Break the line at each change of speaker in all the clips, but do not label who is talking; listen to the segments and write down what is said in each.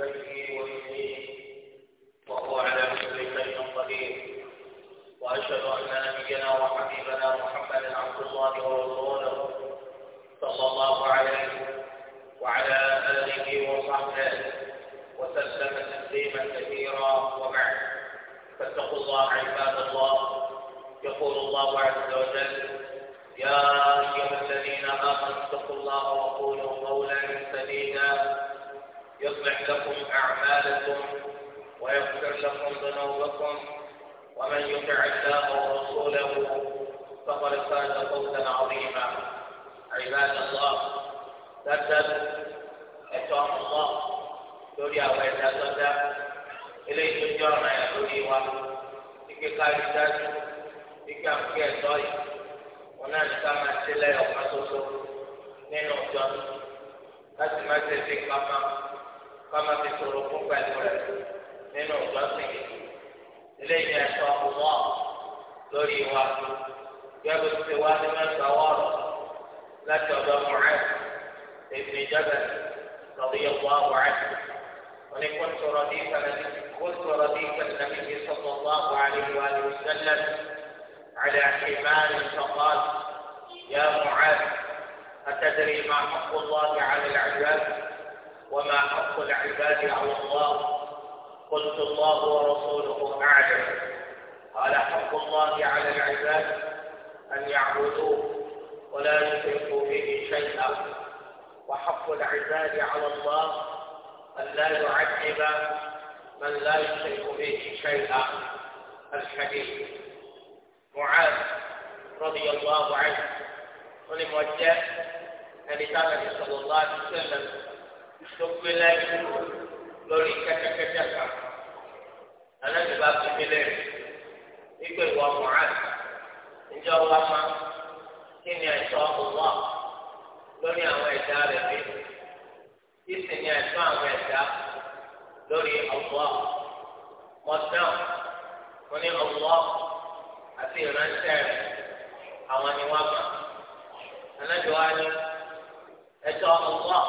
Thank you. kọ́má fi sọ̀rọ̀ fún pẹ̀lú rẹ̀ الإسلام من لا يشرك به شيئا الحديث معاذ رضي الله عنه ولموجه النبي صلى الله عليه وسلم ثم لا يكون lórí kẹkẹkẹkẹ kan anabi bá fi mi lẹ́rìí wípé ìwà mọ̀rán ìjọ wa ma kí ni ẹ̀tọ́ ọ̀wọ́ lórí àwọn ẹ̀dá rẹ̀ bí kí sì ni ẹ̀tọ́ àwọn ẹ̀dá rẹ̀ lórí ọ̀wọ́ mọ́tẹ́ọ̀ mo ní ọ̀wọ́ àti ìránṣẹ́ rẹ̀ àwọn ni wọ́n mọ̀ ẹlẹ́jọ́ wa ní ẹjọ́ ọ̀wọ́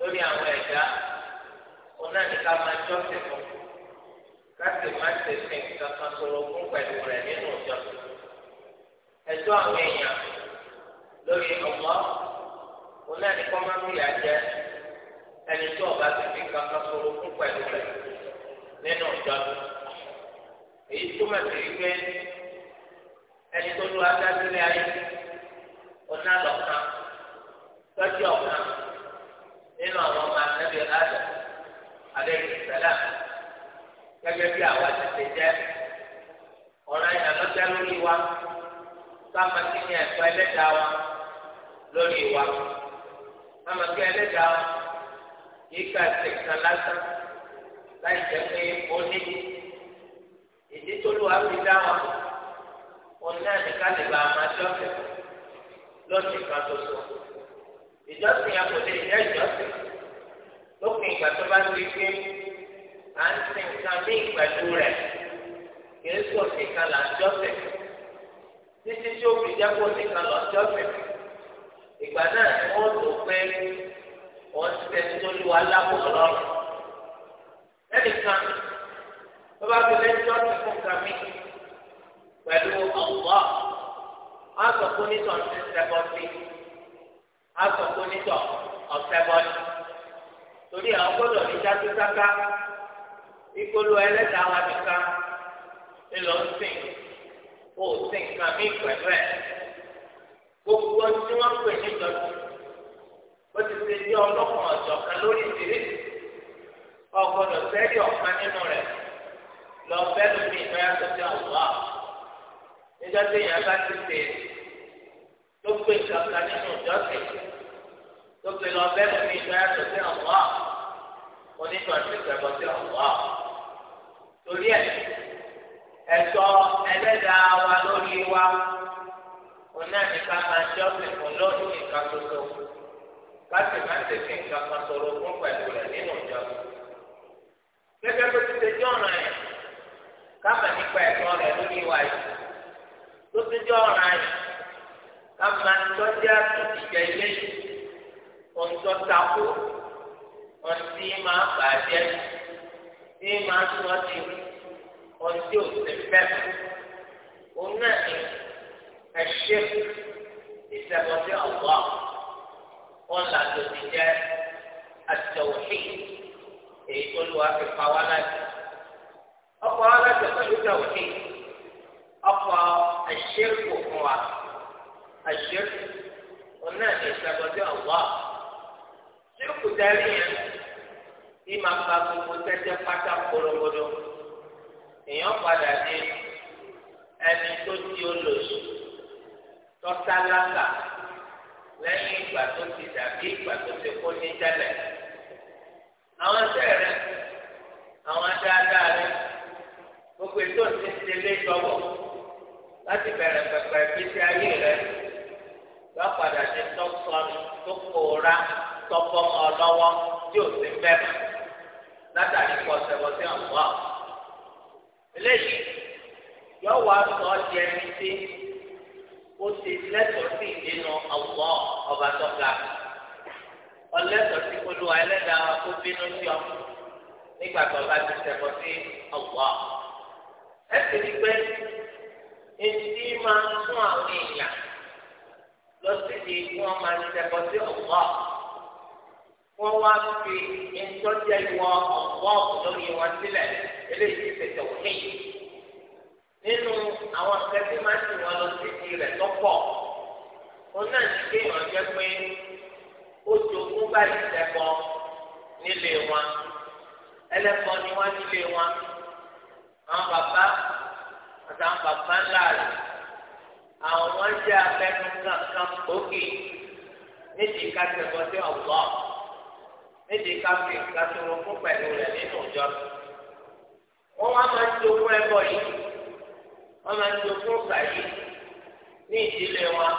lórí àwọn ẹ̀dá ọ̀nà nìkan máa jọ́ sí fún láti má ṣe sí nǹkan kan fún pẹ̀lú rẹ̀ nínú ìjọ ẹjọ́ àwọn èèyàn lórí ọ̀wọ́ ọ̀nà nìkan máa ń yà jẹ́ ẹni tí ọba ti fi kankan sọ̀rọ̀ fún pẹ̀lú rẹ̀ nínú ìjọ èyí túmọ̀ sí wípé ẹni tó lu adásílẹ̀ ayé ọ̀nà lọ́kàn tọ́jú ọ̀kan nínú àwọn ọmọ anábì Adam alayhi salam gẹ́gẹ́ bí àwa ti ṣe jẹ́ ọ̀ràn ìdánilọ́jà lórí wa sáma kí ni ẹ̀tọ́ ẹlẹ́dàá wa lórí wa sáma kí ẹlẹ́dàá wa yíká ẹsẹ̀kan lásán láì jẹ́ pé ó ní ìdí tó lù áfi dáhùn òun náà nìkan lè ba àmà jọ́sẹ̀ lọ́sẹ̀ kan tó sọ. ìjọsìn yẹn kò lè jẹ́ ìjọsìn lópin ìgbà tó bá ti gbé à ń sin nǹkan ní ìgbàdo rẹ̀ kì í sọ nìkan là ń jọ́sẹ̀ títí tí ó fi jẹ́ kó nìkan lọ́ jọ́sẹ̀ ìgbà náà ni wọ́n tó pé wọ́n ti tẹ̀sí tó lu aláwọ̀ lọ́rùn. Lẹ́nìkan, tó bá fi lẹ́jọ́ ti fún kàmí pẹ̀lú ọ̀wọ́, á sọ fún nítọ̀ ní sẹ́bọ̀tì, á sọ fún nítọ̀ ọ̀sẹ́bọ̀tì. Torí àwọn gbọ́dọ̀ ní dájú sáká, ìkolo ẹlẹ́dàá wa nìkan ńlọ sìn, ó sìn kàmí pẹ̀lú ẹ̀. Gbogbo tí wọ́n pè ní ìjọsìn ó ti ṣe ní ọlọ́kan ọ̀jọ̀kan lórí ìdílé ọgbọ́dọ̀ sẹ́rí ọ̀kan nínú rẹ̀ lọ bẹ́ẹ̀ lómi ìfẹ́ tó ti àwòrán níjọ́ tí èèyàn bá ti ṣe tó gbé ìjọba nínú ìjọsìn tó gbé lọ bẹ́ẹ̀ lómi ìfẹ́ tó ti àwòrán onígbàtí ìgbàgbọ́ ti àwòrán torí ẹ̀ ẹ̀tọ́ ẹlẹ́dàá wa lórí wa onáà ní ká máa jọ́sìn fún lórí ìka láti máa ń tẹ̀sí nǹkan kan sọ̀rọ̀ fún pẹ̀lú rẹ̀ nínú ìjọ. Gẹ́gẹ́ bó ti ṣe jẹ́ ọ̀ràn yẹn, káàmà nípa ẹ̀tọ́ rẹ̀ lórí ìwà yìí. Tó ti jẹ́ ọ̀ràn yẹn, káàmà tọ́jú àtúntìjẹ ilé yìí. Ohun tó takò, ohun tí máa bàjẹ́, tí máa tún ọ ti, ohun tí ò ti fẹ́. Òun náà ni ẹ̀ṣẹ́ ìṣẹ̀bọ̀sẹ̀ ọ̀gbọ́n. wọn là tó ti jẹ́ àtẹ̀wòhìn èyí tó lu àfipá wá láti ọkọ̀ aláṣẹ pẹ̀lú tẹ̀wòhìn ọkọ̀ àṣẹ́kù fún wa àṣẹ́kù wọn náà lè ṣàgbọ́dọ̀ wá ṣẹ́kù darí yẹn kí máa gba gbogbo pátá èèyàn padà dé ẹni tó di olóṣù tọ́tà lẹ́yìn ìgbà tó ti dàbí ìgbà tó ti kó ní tẹ́lẹ̀. Àwọn sẹ́ẹ̀rẹ̀, àwọn dáadáa rẹ̀, gbogbo ètò ti ń tẹ̀lé ìtọ́wọ̀ láti bẹ̀rẹ̀ pẹ̀pẹ̀ ìgbésí ayé rẹ̀. Yọ padà ṣe tọ́sọ̀nù tó kóra tọ́kọ́ mọ́ tí ò sí bẹ́ẹ̀ látàrí kọ́ sẹ́wọ́sẹ́ Eléyìí yọ wá sọ ọ́ di ẹni tí ó ti lẹ́tọ̀ọ́ sí ìdènà ọ̀wọ́ ọba tọ́ga ọlẹ́tọ̀ọ́ sí olúwa ẹlẹ́dàá tó bínú sí ọ nígbà tó ọba ti sẹ́kọ̀ sí ọ̀wọ́ ẹ sì rí pé etí máa ń fún àwọn èèyàn lọ sí di kí máa ń sẹ́kọ̀ sí ọ̀wọ́ wọ́n wá fi ìtọ́jú ẹ̀wọ̀ ọ̀wọ́ lórí wọn sílẹ̀ eléyìí ti tẹ̀tẹ̀ wọ́n kéyìí nínú àwọn akẹ́kọ̀ọ́ máa ń tì wọ́n lọ títí rẹ̀ lọ́pọ̀ òun náà ní kéèyàn jẹ́ pé ó jogún báyìí sẹ́kọ̀ nílé wọn ẹlẹ́kọ̀ọ́ ni wọ́n nílé wọn àwọn bàbá àtàwọn bàbá ńlá rẹ̀ àwọn wọn jẹ́ abẹ́nu kankan gbòógì nídìí ká sẹ́kọ̀ sí ọ̀gbọ́ nídìí ká fi ìkàtúrò fún pẹ̀lú rẹ̀ nínú ìjọ wọn wá máa ń jogún ẹbọ yìí. Ọ na ń lo fúnfà yìí ní ìdílé wọn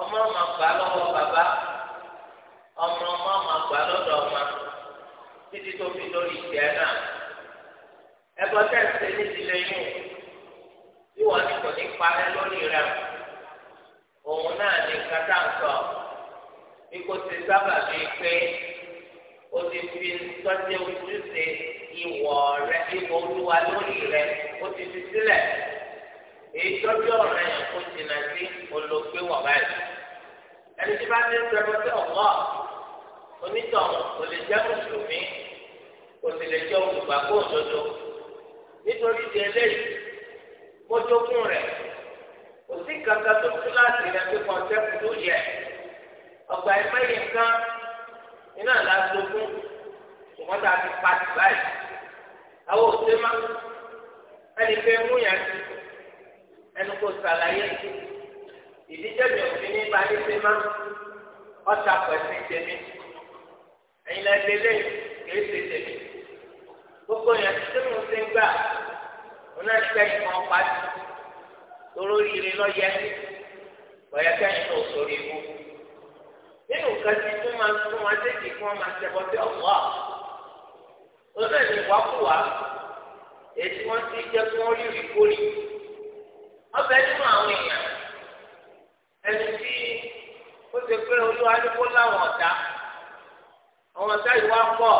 ọmọ ọmọ gbà lọ́wọ́ bàbá ọmọ ọmọ ọmọ gbà lọ́dọ̀ ọmọ títí tó fi lórí ìtẹ́ náà ẹgbọ́n tẹ̀sí ní ìdílé yìí tí wọ́n ti kò ní parẹ́ lórí rẹ̀ òun náà ní kátà ń sọ ikú fi ojúṣe. ìwọ rẹ ìwọ olúwa lórí rẹ ó ti fi sílẹ̀ èyí tọ́jú ọ̀rẹ́ yẹn kó jìnnà sí olóògbé wọ̀ báyìí ẹni tí bá ti ń sọ pé ọ̀pọ̀ onítọ̀hún kò lè jẹ́ mùsùlùmí kò sì lè jẹ́ olùgbàgbọ́ òdodo nítorí ti eléyìí mójókùn rẹ̀ kò sí kankan tó tún láti rẹ̀ pé kọ́ńtẹ́pù ló yẹ ọgbà ẹ̀fẹ́ yẹn kan iná làásùn fún ṣùgbọ́n tá a ti pati báyìí àwọn òṣèré má ẹni fẹ́ mú yẹn ẹnu kò sàlàyé ìdíjẹ́bi òfin ní bá yín ṣe má ọ̀tà pẹ̀sì tèmi ẹ̀yin la ẹgbẹ́ lẹ́yìn kìí ṣe tèmi gbogbo yẹn tí mo ṣe ń gbà mo náà ṣe ìmọ̀ pati tóró rire lọ́yẹ́ lọ́yẹ́ kẹ́yìn náà sórí ikú nínú nǹkan tí máa ń wọn tètè kí wọ́n máa ṣẹbọ ọ̀wọ́ àwọn wọn náà ní wákùwá èyí wọn ti jẹ kí wọn yìí kórì ọbẹ nínú àwọn èèyàn ẹni tí ó ti pé olúwa ní kó láwọn ọ̀tá àwọn ọ̀tá yìí wá pọ̀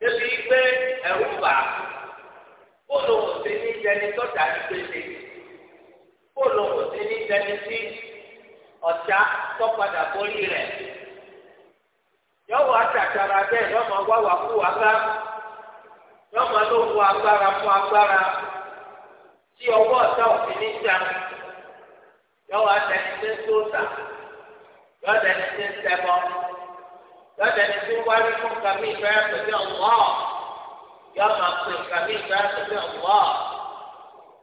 débi pé ẹ̀rù bà á bóòlù òsè ní jẹni tọ́jà ní pèsè bóòlù òsè ní jẹni tí ọ̀tá tọ́ padà borí rẹ̀ yọ wọ àtàtàrà bẹ́ẹ̀ yọ máa wá wà fún wa bá
yọ máa ló wọ agbára fún agbára
tí ọwọ́ ọ̀tá òfin ní ìjà yọ wọ àtẹni tí ń sóòtà yọ àtẹni tí ń sẹbọ yọ àtẹni tí ń wárí fún kàmí ìfẹ́ pẹ̀lú ọ̀wọ́ yọ máa kàmí ìfẹ́ pẹ̀lú ọ̀wọ́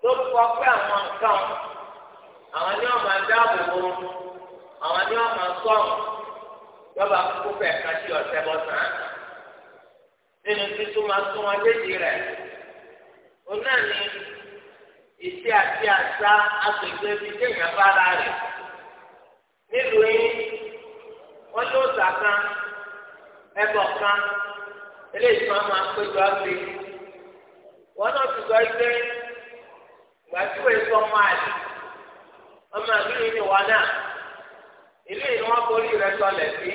lórúkọ pé àwọn nǹkan àwọn ni wọn máa dáàbò bo àwọn ni wọn máa sọ̀rọ̀. yọba kúkú fẹ́ kásí ọ̀sẹ̀ bọ̀sán nínú títún máa tún wọn léjì rẹ̀ òun náà ní ìṣe àti àṣà agbègbè ibi téèyàn bá ra rẹ̀ nílùú yín wọ́n ẹbọ kan eléyìí máa péjọ wọn náà ti sọ pé gbàtúwèé ilé yìí wọ́n borí rẹ sọlẹ̀ sí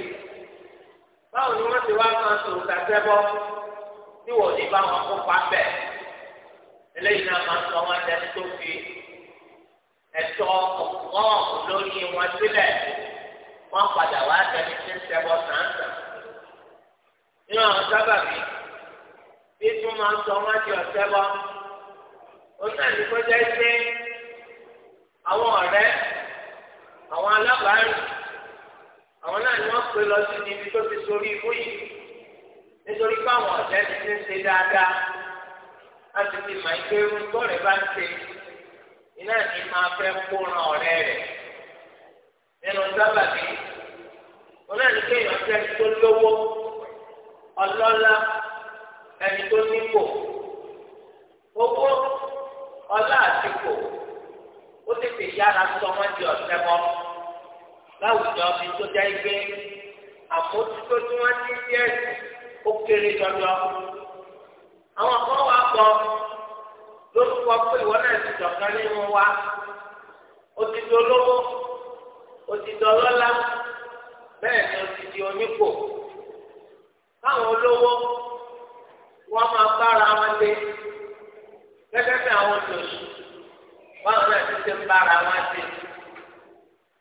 báwo ni wọ́n ti wá kan sòrò sàtẹ́bọ́ tí wọ́n ní bá wọn kópa bẹ́ẹ̀ eléyìí náà máa ń sọ wọn dẹni tó fi ẹ̀tọ́ ọ̀hún lórí wọn sílẹ̀ wọ́n padà wá dẹni tí ń sẹ́bọ̀ sàǹsàn nínú àwọn sábàbí bí tún máa ń sọ wọn di ọ̀sẹ́bọ̀ ó náà ní kọjá ẹgbẹ́ àwọn ọ̀rẹ́ àwọn alábàárìn àwọn náà ni wọ́n pè lọ sí ibi tó ti sórí ibú yìí nítorí pé àwọn ọ̀jẹ́ ti ti ń ṣe dáadáa láti fi mọ̀ ike irun tó rẹ̀ bá ń ṣe iná ní máa fẹ́ kó ran ọ̀rẹ́ rẹ̀ nínú sábàbí wọn náà ní kéèyàn jẹ́ ẹni tó lówó ọlọ́lá ẹni tó nípò owó ọlá àtìkò ó tètè yára sọ wọn di ọ̀sẹ̀ mọ́ láwùjọ bí tó já igbe àmójútó tí wọ́n ti yẹ ó kéré jọjọ. àwọn kan wà pọ̀ lórúkọ pé ìwọ náà ti dọ̀kan nínú wa ó ti dolówó ó ti dọlọ́lá bẹ́ẹ̀ ni ó ti di onípò. káwọn olówó wọ́n máa bára wọn lé gẹ́gẹ́ bí àwọn tòṣì wọ́n náà ti ti ń bára wọn lé.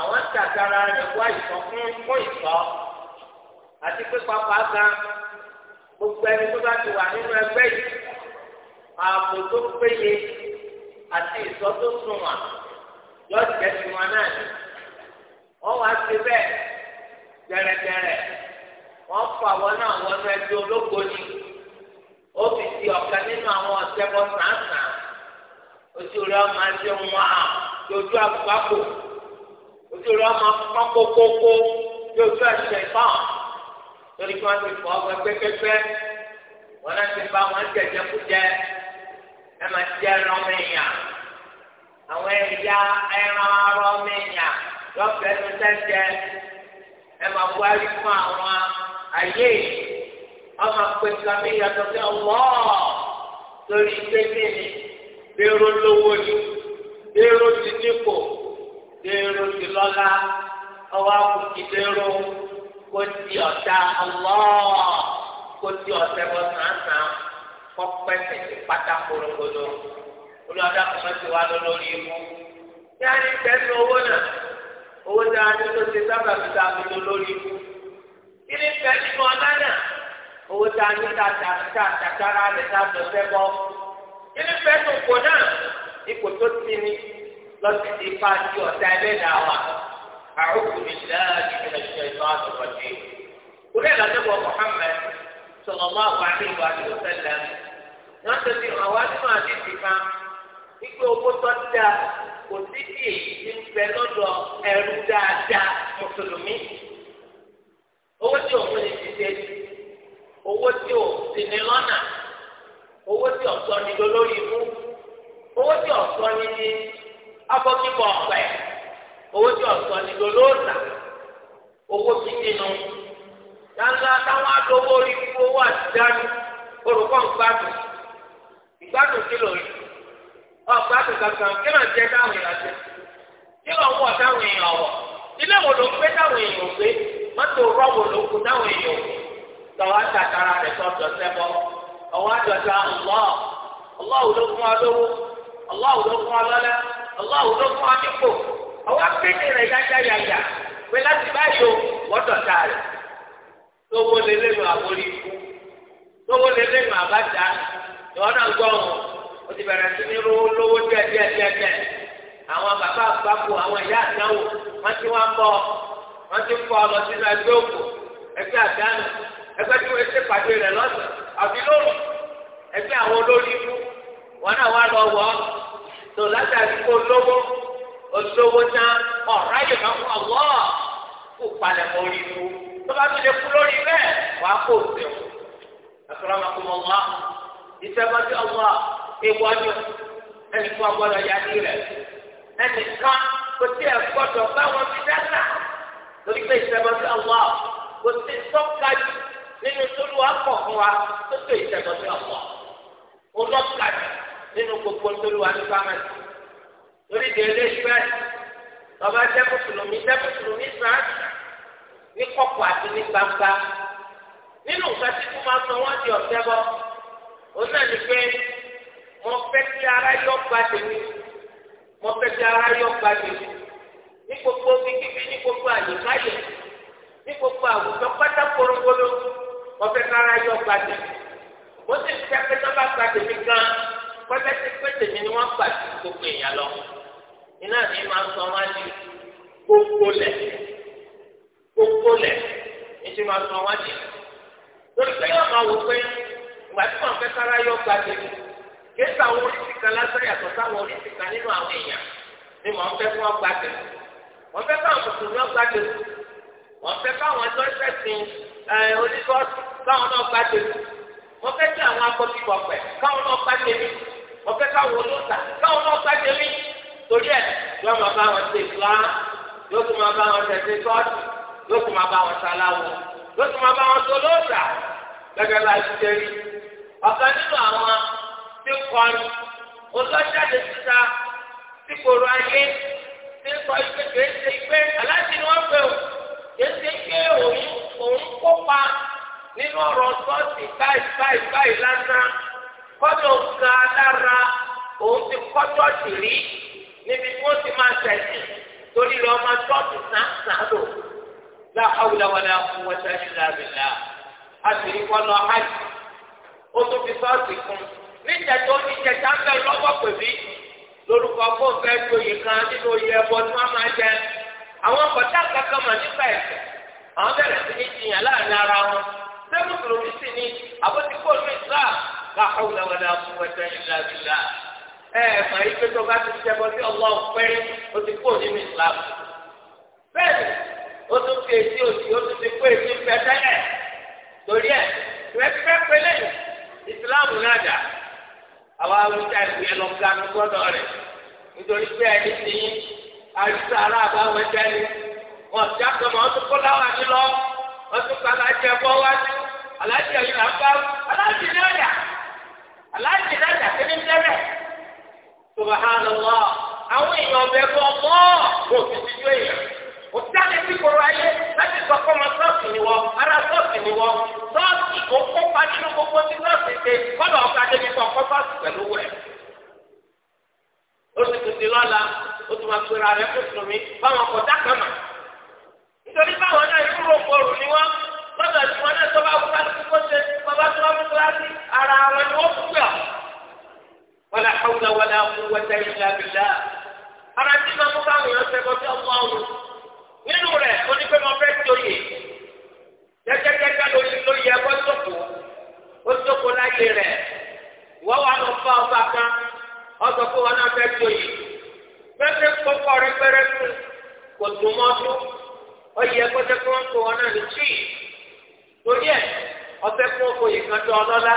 àwọn ń tàkàrà rẹ̀ wá ìsọ fún fún ìsọ àti pé pápá gan
gbogbo ẹni tó bá ti wà nínú ẹgbẹ́ yìí ààbò tó péye àti ìsọ tó sunwọ̀n yóò jẹ́ tiwọn náà ni wọ́n wá sí bẹ́ẹ̀ gẹ̀rẹ́gẹ̀rẹ́ wọ́n fà wọ́n náà wọnú ẹgbẹ́ ológo ni ó fi di ọ̀kan nínú àwọn ọ̀sẹ̀ bọ́ sàn-sàn ojú rẹ̀ ọmọ ẹgbẹ́ wọn àá dojú àgbákò ojú rẹ ọmọ pọ́n kókókó yóò tún ẹ̀ṣẹ̀ ìfọ̀n torí kí wọ́n ti fọ́ ọgbẹ́ pẹ́pẹ́pẹ́ wọn náà ti bá wọn jẹ̀jẹ̀ kú jẹ ẹ máa jẹ ẹran mẹ́yà àwọn ẹ̀yà ẹran arọ mẹ́yà lọ́fẹ̀ẹ́ tó tẹ́tẹ́ ẹ máa bu ayé fún àwọn ayé ọmọ pẹ̀lú àmì ìyàtọ̀ sí ọwọ́ torí pé kí ni bẹ́ẹ̀rọ lówó ni bẹ́ẹ̀rọ ti dínkù dèrò ti lọ́la ọwọ́ àkùkì dèrò kò ti ọ̀tá ọlọ́ kò ti ọ̀tẹ̀ bọ́ sàn-sàn kọ́ pẹ́sẹ̀ ti pátá korongodo olùwàdà kọ́mọ́ ti wá lọ lórí ikú ní àná ìtẹ́sí owó náà owó tí a ní tó ti sábà fi ta fi lọ lórí ikú kí ni ìtẹ́sí mọ́ ọ̀la náà owó tí a ní ta ta ta ta kára rẹ̀ ta bọ́ kí ni ìtẹ́sí òkò náà ipò tó ti ní. lọ́sẹ̀ tí ipa ti wa ìtọ́ Orí sọ̀rọ̀ mọ́ àwọn àdéhùn àdéhùn sẹ́lẹ̀. Wọ́n ti fi wípé owó tó ń dà kò sí èyí ti ń bẹ lọ́dọ̀ dáadáa mùsùlùmí. Owó tí òun ti ṣe owó tí ò sì ní lọ́nà owó tí ọ̀sọ́ afọkíkọ ọpẹ owó tí ọsọ nílò lóòótá owó tí nínú yàrá táwọn adówó ikú owó àtijáde olùkọ́ ìgbádùn ìgbádùn kankan èèyàn jẹ èèyàn ilé wo ló gbé èèyàn gbé ló kú èèyàn àtàkàrà ló fún wa ló fún wa lọ́lẹ́ Allah ló fún wa nípò ọwọ́ pété rẹ̀ yájá yàyà pé láti báyìí wọ́dọ̀ ta rẹ̀ tówó lé lẹ́nu àbórí ikú tówó lé lẹ́nu àbájá ìwọ náà gbọ́ wọn o ti bẹ̀rẹ̀ sí ní rówó lówó díẹ̀ díẹ̀ díẹ̀ díẹ̀ àwọn bàbá àgbàpọ̀ àwọn ìyá àdáwò wọ́n ti fọ ọ lọ sínú ẹgbẹ́ òkú ẹgbẹ́ àdánù ẹgbẹ́ tí wọ́n pàdé rẹ̀ lọ́sàn àbí ẹgbẹ́ àwọn olórí tó látàrí kó lówó olówó tán ọ̀rá yìí máa fún ọ̀wọ́ kó palẹ̀ mọ́ orí ikú tó bá tún lè kú lórí bẹ́ẹ̀ wà á kó sẹ́wọ̀n àtúrà máa kó mọ́ wá ìṣẹ́gun tí ọ̀wọ́ ewu ọdún ẹnì kan gbọ́dọ̀ yá ní rẹ̀ ẹnì kan kò tí ẹ̀ gbọ́dọ̀ báwọn fi dáná
lórí pé ìṣẹ́gun tí ọ̀wọ́
kò tí tọ́ka jù nínú tó lù wá pọ̀ fún wa tó tó ìṣẹ́gun tí ọ̀wọ́ olókàdì nínú gbogbo ntòlúwa ní pàmẹ́tì lórí ìdílé ìfẹ́ lọ́ba jẹ́ mùsùlùmí jẹ́ mùsùlùmí sàn ní kọ̀kọ̀ àti ní gbangba nínú nǹkan tí kò máa sọ wọ́n di ọ̀tẹ́ bọ́ òun náà ní pé mo fẹ́ kí ara yọ gba tèmi mo fẹ́ kí ara yọ gba tèmi ní gbogbo kíkíbi ní gbogbo àyíkáyè ní gbogbo àwùjọ pátá polongbolo mo fẹ́ kí ara yọ gba tèmi mo sì fẹ́ kí tọ́ gba tèmi gan-an pẹ́pẹ́tẹ́pẹ́tẹ́ mi ni wọ́n gbà sí gbogbo èèyàn lọ iná ní máa sọ wọn di gbogbo lẹ̀ gbogbo lẹ̀ ní ti máa sọ wọn di lórí pé yóò máa wò pé ìgbà tí wọn fẹ́ sára yọ gba tèmi kí sáwọn oríṣi kan lásán yàtọ̀ sáwọn oríṣi kan nínú àwọn èèyàn ni wọ́n fẹ́ fún ọgbà tèmi wọ́n fẹ́ fáwọn mùsùlùmí ọgbà tèmi wọ́n fẹ́ fáwọn ẹjọ́ ìṣẹ̀sìn oníṣọ́ọ̀sì káwọn náà gba tèmi wọ́n fẹ́ kí àwọn akọ́kíkọ̀ pẹ̀ káwọn ọ̀fẹ́ káwọn olóòtà káwọn náà sáájú mi torí ẹ̀ yóò máa bá wọn ṣe ìfúlá yóò tún máa bá wọn tẹ̀sí tọ́ọ̀tù yóò tún máa bá wọn ṣaláwọ̀ yóò tún máa bá wọn tó lóòtà gẹ́gẹ́ bá ti ṣe rí ọ̀kan nínú àwọn tí ń kọrin olójáde síta tí kòrò ayé tí ń sọ ìpè kìí ṣe ìpè aláṣẹ ni wọ́n pè ó kìí ṣe òun òun kópa nínú ọ̀rọ̀ sọ́ọ̀tì báyìí báyìí báyìí lásán. kọ́dọ̀ ga lára òun ti rí níbi tí wọ́n ti máa ṣẹ̀sìn torí lọ́ọ́ máa ṣọ́ọ̀ṣì sáńsán lò la hawla wala quwwata illa billah àtìrí kọ́nà hajj ó tún fi ṣọ́ọ̀ṣì kún níjẹ̀ tó níjẹ̀ sáńsá lọ́wọ́ pè mí lórúkọ kó fẹ́ kan nínú oyè tí wọ́n máa jẹ àwọn kankan mà nípa ẹ̀sẹ̀ àwọn bẹ̀rẹ̀ sí ní láàrin la hawla wala quwwata illa billah ẹ mà yí pé tó bá ti ṣẹbọ sí Ọlọ́run pẹ́rẹ́ o ti kú nínú Islam bẹ́ẹ̀ni o tún fi èsì òsì o tún ti kú èsì pẹ́tẹ́lẹ̀ torí ẹ̀ pẹ́pẹ́ pẹ́lẹ́ Islam náà dà àwa awùjá ìwé lọ ga ní gbọ́dọ̀ rẹ̀ nítorí pé ẹni ti yín àyùsọ ará àbáwọ̀ ẹ̀jẹ̀ ni wọn ti àtọmọ ọtún kó láwọn àti lọ ọtún kó alájẹ ẹ̀kọ́ wájú alájẹ yìí là ń bá alájẹ ní ọ̀yà. aláàjì dájà sí ní tẹ́lẹ̀ subhanallah àwọn èèyàn ọbẹ̀ kọ́ mọ́ kò sì ti jó èèyàn kò sáré sí koro ayé láti sọ fún ọmọ sọ́ọ̀sì ni wọ́n ara sọ́ọ̀sì ni wọ́n sọ́ọ̀sì kò kópa nínú gbogbo tí sọ́ọ̀sì ṣe kọ́dọ̀ ọ̀ka débi kan kọ́ sọ́ọ̀sì pẹ̀lú wẹ̀ ó sì tún ti lọ́la ó tún quwwata illa billah ara tí wọn mú káwọn èèyàn ṣẹkọ sí ọmọ àwọn nínú rẹ onípẹ́ wọn fẹ́ tóye jẹjẹjẹjẹ lórí lórí ẹkọ sọkò ó sọkò láyé rẹ ìwọ wà lọ fà ọba kan ọsọ pé wọn náà fẹ́ tóye pẹpẹ kọkọ rẹ pẹrẹ fún kò tó mọtò ọyẹ ẹkọ tẹ kí wọn kó wọn náà lè tì lórí ẹ ọfẹ fún òkòyè kan tó ọlọ́lá.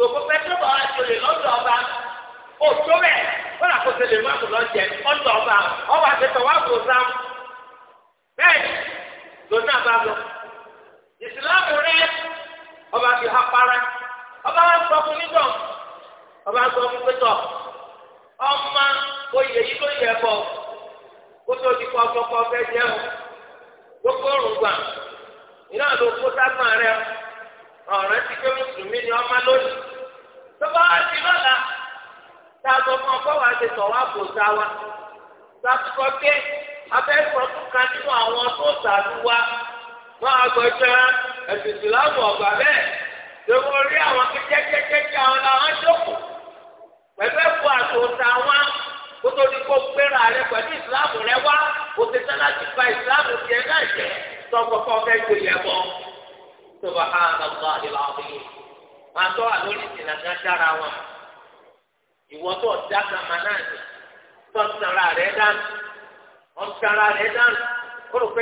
tòkó pẹtrọ bá wà jòlè ọba òtó bẹ wọn àkóso lè má lọ jẹ ọba ọba àtẹtọ wà kó sam bẹ́ẹ̀ lónà bá lọ ìsìlámù rẹ ọba fi ha para ọba sọ fún nígbà ọba sọ fún pẹtọ ọmọ oyè yìí ló yẹ bọ kótó ti kọ ọkọ fẹ jẹ o gbogbo òrùn gbà iná ló rẹ ọ̀rẹ́ ti mùsùlùmí ni tọ́ba wa ti lọ́la tá a sọ fún ọkọ wa ti sọ wá kò sá wa sásìkò pé abẹ́sọ̀ tún kan nínú àwọn tó sàánú wa wọ́n á gbọ́ jẹ́ ẹ̀sìn ìsìlámù ọ̀gbà bẹ́ẹ̀ lóko rí àwọn kékeré àwọn làwọn jókòó pẹ̀lú ẹ̀kọ́ àtòsà wọn kótó ní kó gbéra rẹ pẹ̀lú ìsìlámù rẹ wá kó tẹ̀sán láti fa ìsìlámù tiẹ̀ náà jẹ́ tọkọkọ fẹ́ gbé yẹ bọ́ sọba hàn án lọ́wọ́ àdìlá ọ̀gbìn. wọn atọ́ wà lórí ìsìnà kan dára wọn ìwọ tó ọ̀dà kan máa náà ní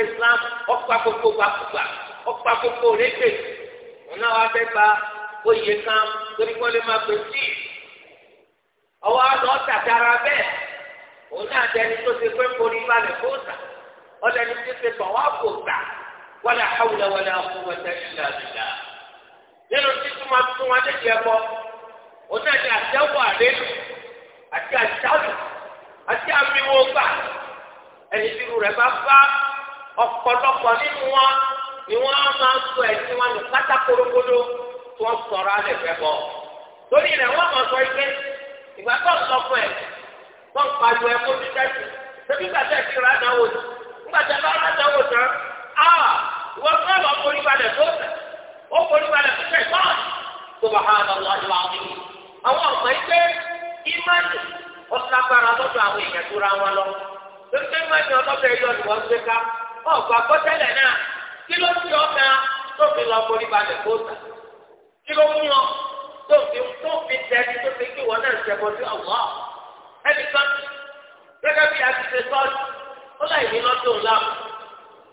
Islam ọ̀pá gbogbo ọ̀pá gbogbo fẹ́ gba oyè kan torí wọn lè máa pè ọwọ́ àlọ́ tàdára bẹ́ẹ̀ òun náà dẹni tó pé ọ̀dẹni tó wala nínú títún máa tún wọn létí ẹbọ òun náà ti àtẹwò àlélu àti àtàlù àti àmìwò gbà ẹni tí irú rẹ bá bá ọ̀pọ̀lọpọ̀ nínú wọn ni wọ́n máa sọ ẹ̀sìn wọn ní pátákórógbódó tí wọ́n sọ̀rọ̀ alẹ́ fẹ́ bọ̀ torí rẹ̀ wọ́n máa sọ ike ìgbà tó ń sọ fún ẹ̀ tó ń pariwo ẹ̀ kó ti tẹ̀sí tẹ̀sí gbàtẹ́ ìṣura náà wò ní gbàtẹ́ bá rà náà wò tán ó forí balẹ̀ fún ṣẹ̀tọ́n subhanallahi alazim àwọn ọ̀gbọ́n yìí pé ìmánì ó lágbára lọ́dọ̀ àwọn èèyàn tó ra wọn lọ pépé ìmánì ọlọ́bẹ̀ yọ ni wọ́n gbé ká ọ̀gbà gbọ́tẹ́lẹ̀ náà kí ló ti ọ̀gá tó fi lọ forí balẹ̀ kóòtà kí ló mú yọ tó fi tó fi tẹ́ni tó fi kí wọn náà ṣẹbọ sí ọ̀wọ́ ẹnìkan gẹ́gẹ́ bí ó láì ní lọ́dún láàmú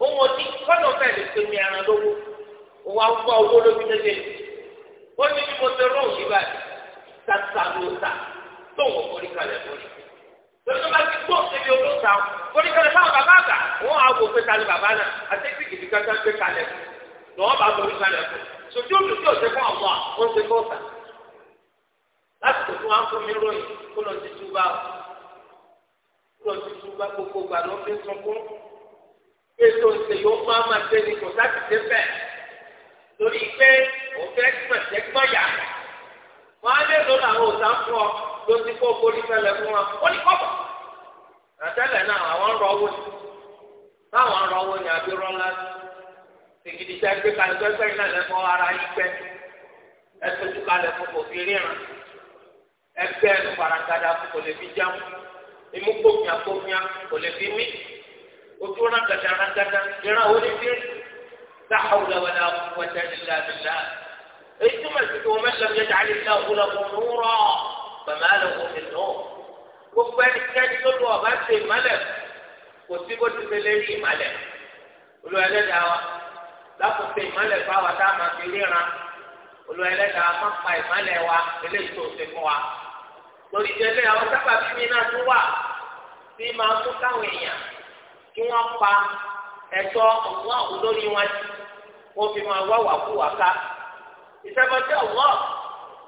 òun ò ní kọ́nà bẹ́ẹ̀ lè pe mi ẹran lówó wá wá owó lóbi tẹ́lẹ̀ ó ní bí mo ṣe rán òní báyìí tata ló ta tó wọ́n forí kalẹ̀ lórí lórí tó bá ti tó ẹbí olóòtà forí kalẹ̀ fáwọn bàbá àgbà wọ́n á wò pé ta ni bàbá náà àti kí kìkì kankan gbé kalẹ̀ lọ́wọ́ bá forí kalẹ̀ fún sojú olùdí ọ̀sẹ̀ fún àwọn àwọn ọ̀sẹ̀ fọ́ọ̀tà láti tó fún wọn mi ròyìn kó lọ sí túbà kó lọ sí túbà gbogbo gbà ló fi sunkún ètò ìṣèlú máa máa ṣe ni kò bẹ́ẹ̀. lórí pé òun fẹ́ gbọ̀nsẹ̀gbọ̀nyà wọn á lè lórí àwọn fún ọ ló ti kó borí fẹlẹ fún wọn ó ní kọ́bọ̀ àtẹlẹ náà àwọn ń rọwọ́ ni báwọn ń rọwọ́ ni àbí rọ́lá sìgìdì tẹ́ gbé kalẹ̀ tó ẹgbẹ́ náà ara pẹ́ kalẹ̀ fún ríran ẹgbẹ́ ẹnu fún kò lè fi imú kò lè fi mí ojú ìran لا حول ولا قوة إلا بالله أي ثم ومن لم يجعل الله له نورا فما له من نور gbogbo ẹnikẹ́ni tó lu ọba ṣe ìmọ́lẹ̀ kò sí bó ti ṣe lé rí ìmọ́lẹ̀ olú ẹlẹ́dàá wa lákòókò ìmọ́lẹ̀ fáwa tá a máa fi ríran olú ẹlẹ́dàá máa pa ìmọ́lẹ̀ wa eléyìí tó ṣe fún wa lórí ìṣẹ̀lẹ̀ àwọn sábà bíbí náà tún wà tí máa tún káwọn èèyàn kí wọ́n pa ẹ̀tọ́ ọ̀gbọ́n lórí wọn jù wọ́n fi máa wá wàkú wàká ìsẹ́fọ́sí ọ̀wọ́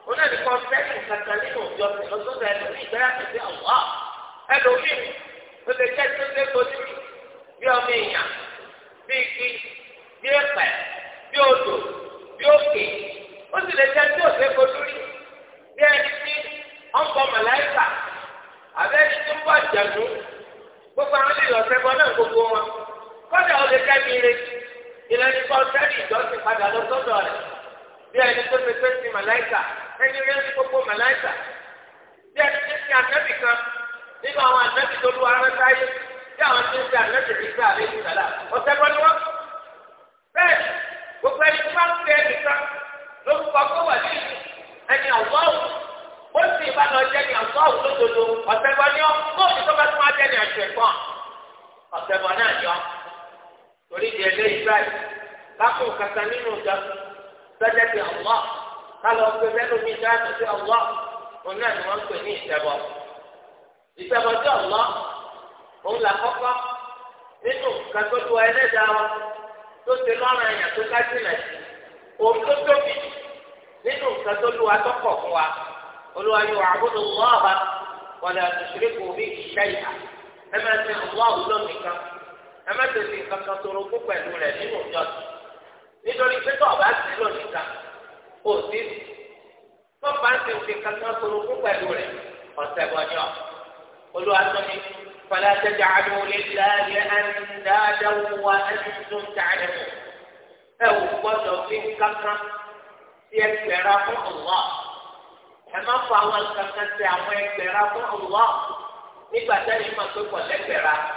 ó náà ní kọ́ sẹ́yìn kankan nínú ìjọ lọ́sọ̀tọ̀ ẹlòmíì gbẹ́rẹ́ àtẹ̀sí ọ̀wọ́ ẹlòmíì ó lè jẹ́ tó lé kojú bí ọmọ èèyàn bí igi bí ẹ̀pẹ̀ bí odò bí òkè ó sì lè jẹ́ tó lé kojú rí bí ẹni tí ó ń bọ màláìkà àbẹ́ni tó ń bọ̀ jẹ̀nu gbogbo àwọn ilé ìlọsẹ̀ bọ́ náà gbogbo wọn kọ́dà ó lè jẹ́ mi retí ìlànà ìfọ̀ sẹ́ẹ̀dì ìjọsìn padà lọ sọ́dọ̀ rẹ̀ bí ẹni tó fi pé ti màláìkà ẹni rẹ̀ ní gbogbo màláìkà bí ẹni tó ti ànábì kan nínú àwọn ànábì tó lu ara sáyé bí àwọn tó ti ànábì ti gbà lé ìsàlà ọ̀sẹ̀ pẹ̀lú wọn. bẹ́ẹ̀ gbogbo ẹni tó bá ń pè é nìkan lórúkọ kó wà ní ẹni àwòrán ó sì bá lọ jẹ́ ní àwòrán lódodo ọ̀sẹ̀ pẹ̀lú wọn bóòlù torí ìdí ẹlẹ́yìí báyìí lápò kàtà nínú ìjà sẹ́jẹ́ ti ọ̀wọ́ kálọ̀ ọ̀gbẹ́ mẹ́nu mi já ti ọ̀wọ́ òun náà ni wọ́n ń pè ní ìṣẹ̀bọ. ìṣẹ̀bọ tí ọ̀wọ́ òun là kọ́kọ́ nínú kàtọ́jú ẹlẹ́dàá wọn tó ti lọ́rùn ẹ̀yàn tó ká jìnà òun tó tóbi nínú kàtọ́jú atọ́kọ̀ fún wa olúwa yóò àbúrò wọ́ọ̀ba wọ́n lè àtúnṣe kò bí ìṣẹ́ ìhà ẹ ẹ má tètè kankan toro kó pẹ̀lú rẹ̀ nínú ìjọsìn nítorí pé tó ọba sí lónìí kan kò sí tó bá ń tètè kankan toro kó pẹ̀lú rẹ̀ ọ̀sẹ̀ bọ̀nyọ̀ olùwàsómi fala taj'alu lillahi andadan wa antum ta'lamun ẹ ò gbọ́dọ̀ fi kankan tí ẹ tẹ̀ra fún ọ̀wọ́ ẹ má fọ àwọn kankan tí àwọn ẹ tẹ̀ra fún ọ̀wọ́ nígbà tẹ́lẹ̀ máa pé pọ̀ lẹ́gbẹ̀rẹ́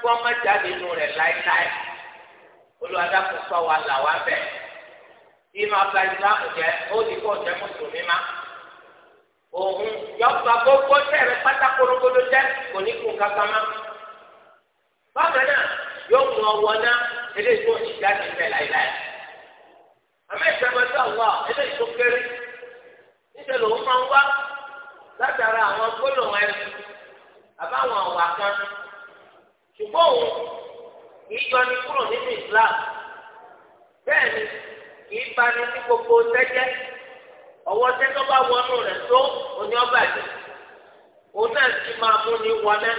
kí wọ́n má jáde inú rẹ̀ láíláí olùwàdàkùn sọ wa là wá bẹ̀ bí máa ba ìsìlámù jẹ ó di kó jẹ mùsùlùmí má òun yọgbà gbogbo tẹ̀rẹ̀ pátákórógbódó jẹ kò ní kún kankan má bákan náà yóò mú ọwọ́ náà eléyìí tó ti jáde ń bẹ̀ láíláí àmì ìsèmọ̀tò ọ̀wọ́ eléyìí tó kéré níṣẹ́ lòun máa ń wá látara àwọn gbólóhùn ẹni àbáwọn ọ̀wà kan. ṣùgbọ́n òun kìí yọni kúrò nínú Islam bẹ́ẹ̀ ba gbogbo sẹ́jẹ́ ọwọ́ sẹ́jọ́ bá wọnú rẹ̀ tó oní ọba jù òun náà ti máa mú ní wọlé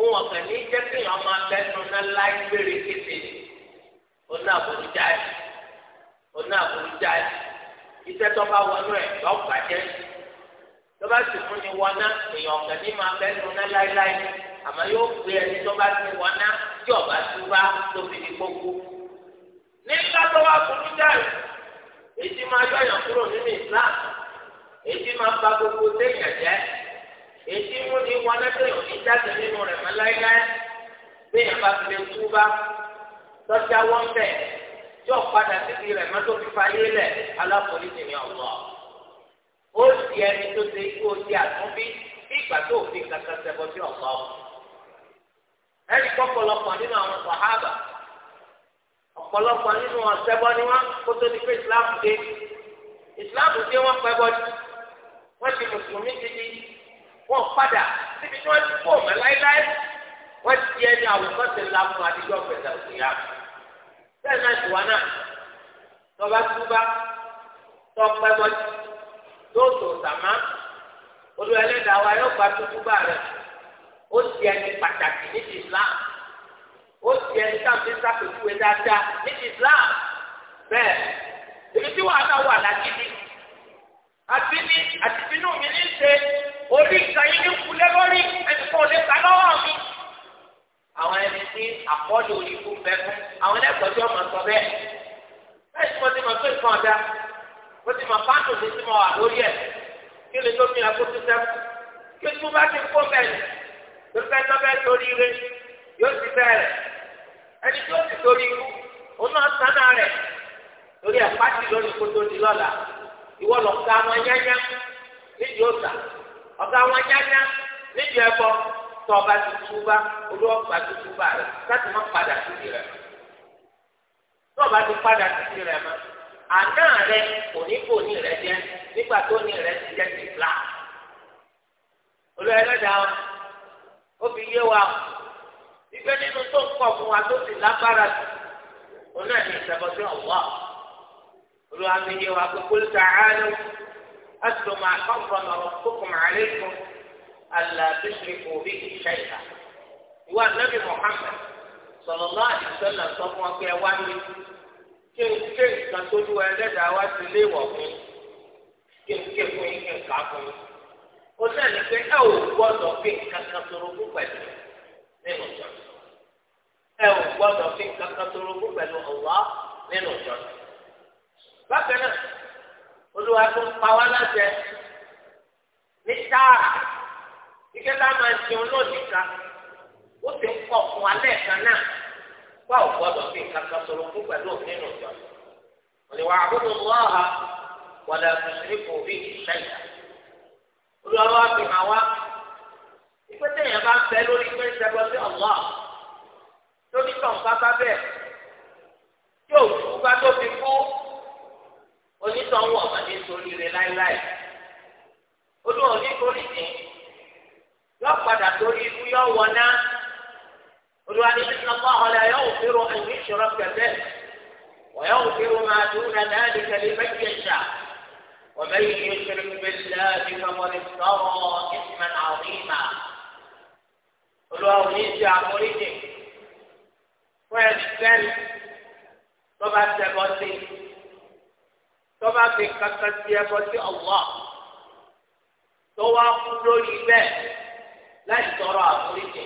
òun ọ̀kẹ́ ní jẹ́ kí èèyàn máa bẹ́nu náà láì gbére kété òun náà burú jáde òun náà je jáde iṣẹ́ tó bá wọnú lọ́ọ́ bàjẹ́ tó bá àmọ́ yóò pé ẹni tó bá ti wọn ná tí ọba tó bá tó fi ní gbogbo. nígbà tó wá kú ní dàrú èyí máa yọ ọyàn kúrò nínú Islam èyí máa ba gbogbo téèyàn jẹ èyí mú ní wọn lẹ́sẹ̀ òní jáde nínú rẹ̀ mọ́láyáyá béèyàn bá fi lè tú bá tọ́jà wọ́n bẹ̀ yóò padà síbi rẹ̀ mọ́tò fífa yé lẹ̀ aláforíjì ní ọ̀gbọ́n ó sì ẹni tó ṣe ikú ojú àtúnbí bí ìgbà tó òfin kankan ṣẹbọ sí ọ̀gbọ́n.
ẹni kọpọlọpọ nínú àwọn
sàhábà ọ̀pọ̀lọpọ̀ nínú ọsẹbọ ni wọn kó tó di pé islam dé islam dé wọn pẹbọ wọn ti mùsùlùmí ti di padà síbi tí wọn ti kó ọmọ láéláé wọn ti di ẹni àwòkọ ti la fún adigun ọgbẹta òkèèyà bẹ́ẹ̀ náà ti wà náà tọba túbá tọ tó sàmá olú ẹlẹ́dàá wa yóò gba túbá ó ti ẹni pàtàkì ní ti Islam ó ti ẹni sáfì sàpèjúwe dáadáa ní ti Islam bẹ́ẹ̀ èyí tí wàhálà wà lágídí àti ní àti bínú mi ní ṣe orí ìkàyé ní kulẹ lórí ẹni kan lè gbà lọ́wọ́ mi àwọn ẹni tí àkọọ́lẹ̀ orí ikú bẹ fún àwọn ẹlẹ́gbọ̀n tí wọ́n máa sọ bẹ́ẹ̀ bẹ́ẹ̀ tí wọ́n ti máa tó ìkan ọ̀dà wọ́n ti máa pàtó ní tí wọ́n wà lórí ẹ̀ kí ni tó fi àkóso sẹ́kù kí tó bá ti kó bẹ́ẹ̀ tó fẹ́ tó fẹ́ torí rẹ yóò ti fẹ́ rẹ ẹni tó ti torí ikú òun náà sáná rẹ torí ẹ̀ pàṣẹ lónìí kó tó di lọ́la ìwọ lọ ka àwọn yányá nídìí ọ̀sà ọ̀gá àwọn yányá nídìí ẹ̀bọ tó ọba tuntun bá olúwọ̀gba tuntun bá rẹ láti má padà síbi rẹ tó ọba ti padà síbi rẹ mọ́ àná rẹ kò ní kò ní rẹ jẹ nígbà tó ní rẹ ti jẹ ti fìlà olú ẹlẹ́dàá ó fi yé wa ìgbẹ́ nínú tó ń pọ̀ fún wa tó sì lágbára jù ó náà ní ìṣàkọsí ọ̀wá olùwà fi yé wa pé kúlù tààlù àtúntò máa kọ́kọ́ lọ́rọ̀ tó fún aláàbíṣe òbí ìṣe ìlà ìwà nàbì Muhammad sọlọ́lá àdìsọ́là sọ fún wa mi kí nǹkan tó lù ẹ lẹ́dàá wá sí ilé ìwọ̀ fún kí fún yín fún yín. ó náà pé ẹ ò gbọ́dọ̀ fi nǹkan kan sorogún pẹ̀lú nínú ìjọsìn ẹ ò gbọ́dọ̀ fi nǹkan kan sorogún pẹ̀lú ọ̀wá nínú ìjọsìn. bákan náà olúwa tó ń pa wá láṣẹ ní táà ike tá a jẹun ó ti ń pọ̀ ha kò ìṣẹ́yà. olùwàwà fi hàn wá ìpè téèyàn bá fẹ́ lórí pé sẹ́gbọ́n sí ọ̀wọ́ lórí tàn pápá bẹ́ẹ̀ tí òkú bá tó fi kú láíláí olùwà ní yọ padà torí ikú yọ wọ olùwà ní bí yọ òfin ìṣòro kẹfẹ́ wọ́n yọ ومن يشرك بالله فقد افترى اثما عظيما olùwàwò ní ti àforíjì fún ẹni sẹ́ni tó bá tẹ̀bọ́ sí tó bá fi kankan sí ẹbọ sí ọ̀wọ́ tó wá kú lórí bẹ́ẹ̀ láì tọrọ àforíjì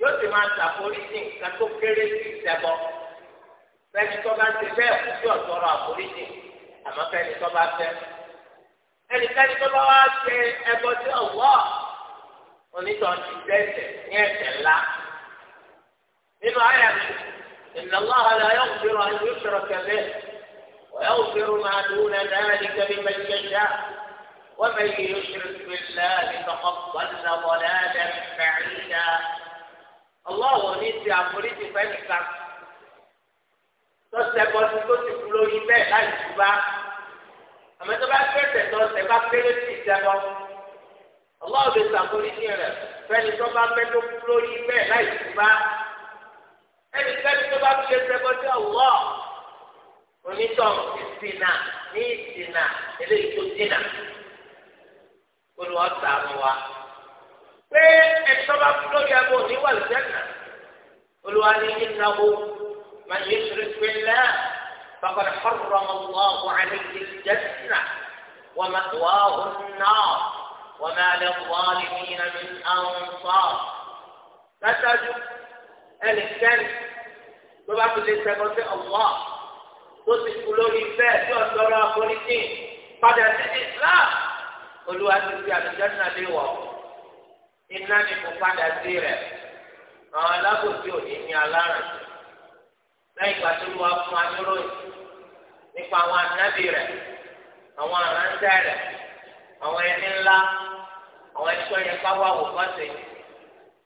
yóò sì máa ṣàforíjì nǹkan tó kéré sí ìtẹ̀bọ́ fẹ́ni tó bá ti bẹ́ẹ̀ kú sí ọ̀tọ̀rọ̀ àforíjì. àmọ́ fẹ́ni tó bá fẹ́ ẹnikẹ́ni tó bá wá ṣe ẹbọ tẹ́tẹ̀ ní ẹ̀jẹ̀ ńlá nínú ayé mi ìnáwó àwọn ayé òfin wọn ló ṣòro kẹfẹ ọyọ òfin wọn máa dúró lẹnu ayé nìkan ní mẹjẹjá wọn bẹ onítàn ti dẹ́ṣẹ̀ ní ẹ̀ṣẹ̀ ńlá nínú ayé mi ìnáwó àwọn ayé òṣèré àti òṣèré kẹfẹ́ aye maa duro ni won be yi ويغفر ما دون ذلك لمن يشاء ومن يشرك بالله فقد ضل ضلالا ni الله نسي عفريت فنكر tọ́sẹ̀ bọ́sí tó ti kú lórí bẹ́ẹ̀ láì túbá àmọ́ tó bá kẹ́sẹ̀ tọ́sẹ̀ bá kéré sí ìjẹun ọlọ́run lè sàkóríjì rẹ̀ fẹ́ni tó bá fẹ́ tó kú lórí bẹ́ẹ̀ láì túbá ẹnikẹ́ni tó bá fi lè sẹ́kọ́ sí ọ̀wọ́ onítọ̀ ìsìnà ní ìsìnà eléyìí tó dínà olùwọ́sà mú wa pé ẹ̀tọ́ bá kú lórí ẹ̀bùn oníwàlùsẹ́nà olùwà ní ìnáwó. من يشرك بالله فقد حرم الله عليه الجنة ومأواه النار وما للظالمين من أنصار فتجد الإنسان ببعض لسبب الله تصف لولي فاتي وصلاة قريتين قد الإسلام قلوا أتسي على الجنة ليوه iná ni mo padà sí rẹ àwọn alábòsí òní lẹ́yìn ìgbà tó lùwà fún adúróyìn nípa àwọn anábì rẹ̀ àwọn aránṣẹ́ rẹ̀ àwọn ẹni ńlá àwọn ẹ̀ṣọ́ yẹn káwá wò kọ sí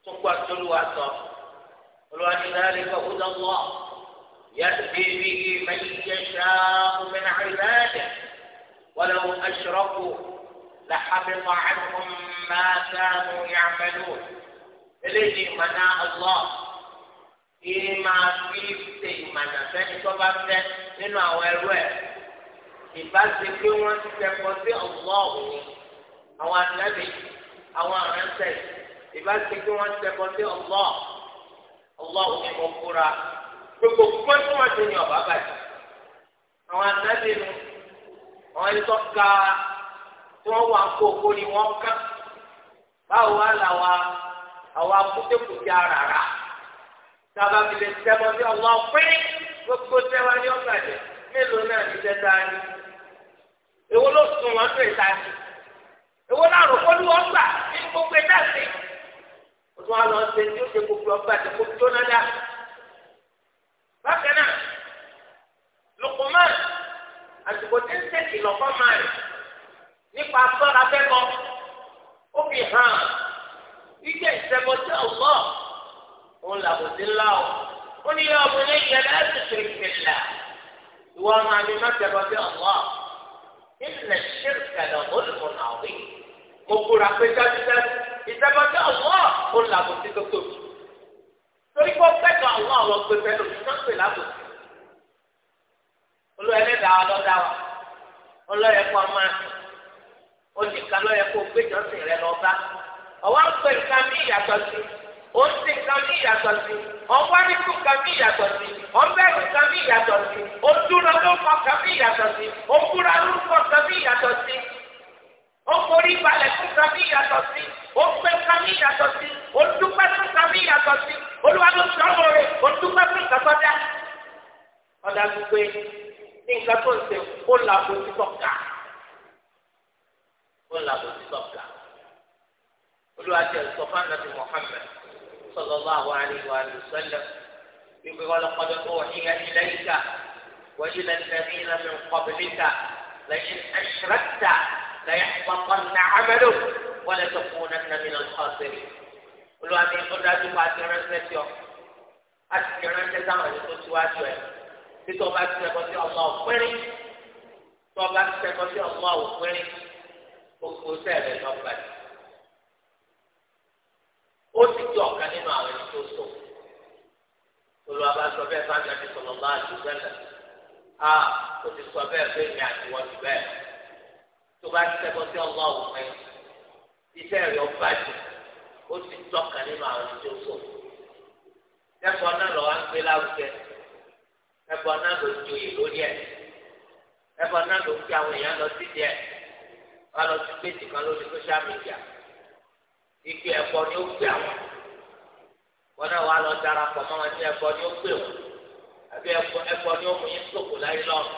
tó gbà tó lùwà sọ olùwà ní ìdáyàlẹ́ ìgbà kó dánwọ́ yàtúndé bí mẹ́yìíyẹ ṣáà ọmọnà àìláàdẹ̀ wọlé wọn lè aṣọ́rọ́kù làhábẹ́mọ́ àdùnkùn máa sáà nù yàmẹ́lú eléyìí mọ̀nà ọlọ́ọ̀. kí máa fi ṣe na sẹ́ni tó bá fẹ́ nínú àwọn ẹrú ẹ̀. ìbáṣe pé wọ́n ti tẹ̀kọ́ sí ọ̀gbọ́ òun àwọn àtẹ́bí àwọn àrẹ́sẹ̀ ìbáṣe pé wọ́n ti tẹ̀kọ́ sí ọ̀gbọ́ ọ̀gbọ́ òun ni kúra. ka tí wọ́n wà kó ni wọ́n báwo sábà fi lè sẹ́mọ́ sí ọ̀wọ́ pín gbogbo sẹ́wà ní ọ̀gbàdẹ mélòó náà ní sẹ́ta ni èwo ló sùn wọn tó ìta ni èwo náà rò kó lù ọgbà ní gbogbo ẹ̀dá sí o tún wá lọ ṣe tí ó ṣe gbogbo ọgbà tí kò tó náà dá bákan náà Luqman àsìkò tí ń tẹ̀sí lọ́kọ́ máa rẹ̀ nípa sọ́ra fẹ́kọ̀ọ́ ó fi hàn ike ìṣẹ́gun ọ̀gbọ́n òun làbòsí ńlá o ó ní yọ ọmọ ilé ìyẹn láti ṣe ìpìlẹ̀ ìwọ ọmọ mi má tẹ̀lé ọdẹ ọ̀wọ́ ìpìlẹ̀ ṣe ìpìlẹ̀ olùkọ́ náà wí mo kúra pé dájúdájú ìjọba ọdẹ ọ̀wọ́ òun làbòsí tó tóbi torí kó kẹ́kọ̀ọ́ àwọn àwọn pépé lòdì náà pè lábòsí olú ẹlẹ́dàá ọlọ́dà wa ọlọ́yẹ kó ọmọ ẹ̀sìn ó ní kálọ́yẹ kó gbẹjọ́sìn rẹ lọ́ba ọwọ́ ń pè ìyàtọ̀ sí i ó ń ṣe nǹkan bí ìyàtọ̀ sí ọwọ́ nínú nǹkan bí ìyàtọ̀ sí ọbẹ̀rù nǹkan bí ìyàtọ̀ sí ó dúró lórúkọ nǹkan bí ìyàtọ̀ sí ó kúra lórúkọ nǹkan bí ìyàtọ̀ sí ó forí balẹ̀ fún nǹkan bí ìyàtọ̀ sí ó pẹ́ nǹkan bí ìyàtọ̀ sí ó dúpẹ́ fún nǹkan bí ìyàtọ̀ sí olúwa ló sọ̀rọ̀ rẹ̀ ó dúpẹ́ fún nǹkan tó dá ọ̀dà gbogbo ní nǹkan tó ń ṣe ó làbò sí tọ́ka ó Muhammad صلى الله عليه وآله وسلم يقول ولقد أوحي إليك وإلى الذين من قبلك لئن أشركت ليحبطن عملك ولتكونن من الخاسرين قلوا هذه القدرة فاترة نسيو أتكرن تزامن تسواتيو تتوبة تسواتي الله فري توبة تسواتي الله فري وكوسة للمبادئ ó sì jẹ́ ọ̀kan nínú àwọn ẹni tó sọ olùwàbá sọ bẹ́ẹ̀ bá nàbí sọlọ bá àdúgbò náà a ó ti sọ bẹ́ẹ̀ bẹ́ẹ̀ ní àtiwọ́ ti bẹ́ẹ̀ tó bá ti sẹ́kọ̀ọ́ sí ọlọ́ òfin iṣẹ́ rẹ̀ ó bàjẹ́ ó sì jẹ́ ọ̀kan nínú àwọn ẹni tó sọ ẹ̀kọ́ náà lọ́wọ́ ń gbé láwùjẹ ẹ̀kọ́ náà ló ń joyè lórí ẹ̀ ẹ̀kọ́ náà ló ń fi àwọn èèyàn lọ sí ìpè ẹ̀kọ́ ni ó gbé àwọn wọn náà wàá lọ darapọ̀ mọ́ wọn ní ẹ̀kọ́ ni ó gbé wọn àbí ẹ̀kọ́ ni ó mú yín sòkò láyé lọ́rùn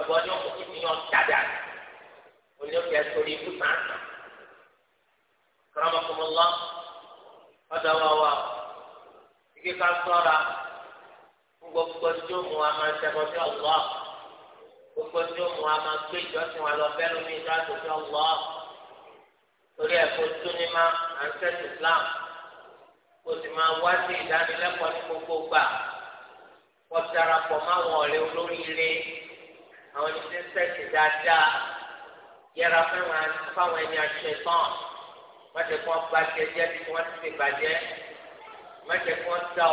ẹ̀kọ́ ni ó mú yín yàn dáadáa òní ó kẹ́ ẹ sórí ikú sàǹsà kọ́mọkọ́mọlá ọ̀dọ̀ wa wà ike ká sọ́ra gbogbo tí ó mú wa máa ṣẹ́kọ̀ọ́ sí ọ̀lọ́ gbogbo tí ó mú wa máa gbé ìjọsìn wa lọ fẹ́ lómi ìjọsìn ọ̀lọ́
torí ẹ̀kọ́ tó
ní ma ancest islam kó sì máa wá sí ìdánilẹ́kọ̀ọ́ ní gbogbo gbà kó darapọ̀ máwọn ọ̀rẹ́ olóríire àwọn ẹni tí ń sẹ́sì dáadáa yẹra fáwọn ẹni àṣẹ tán mọ̀tẹ́ kí wọ́n bàjẹ́ jẹ́ bí wọ́n ti bàjẹ́ mọ̀tẹ́ kí wọ́n da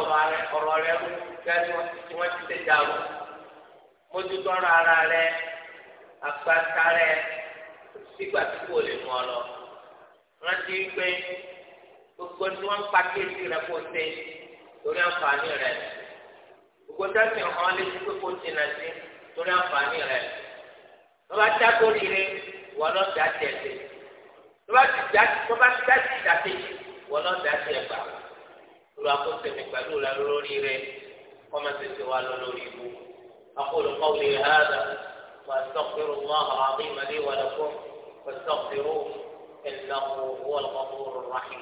ọ̀rọ̀ rẹ rú gẹ́gẹ́ bí wọ́n ti da rú mójútó ara rẹ àgbàta rẹ sígbà tí kò lè mú ọ lọ rántí wípé gbogbo tí wọ́n ń pa kéèsì rẹ̀ kó ṣe torí àǹfààní rẹ̀ gbogbo tẹ́sí ọ̀hán létí pé kó jìnnà sí torí àǹfààní rẹ̀
tó bá já tó rire
wọ́n lọ dá tiẹ̀ sí tó bá ti dá tó bá ti dá sí ìdákejì wọ́n lọ dá tiẹ̀ gbà lórí akóṣèmí pẹ̀lú rẹ̀ lórí rẹ̀ kọ́mọ tètè wá lọ lórí ibú akóló kọ́wé hàdà wà sọ́kúrú mọ́ àwọn àbí ìmọ̀lẹ́wà lọ́kọ́ wà sọ́kúrú. إنه هو الغفور الرحيم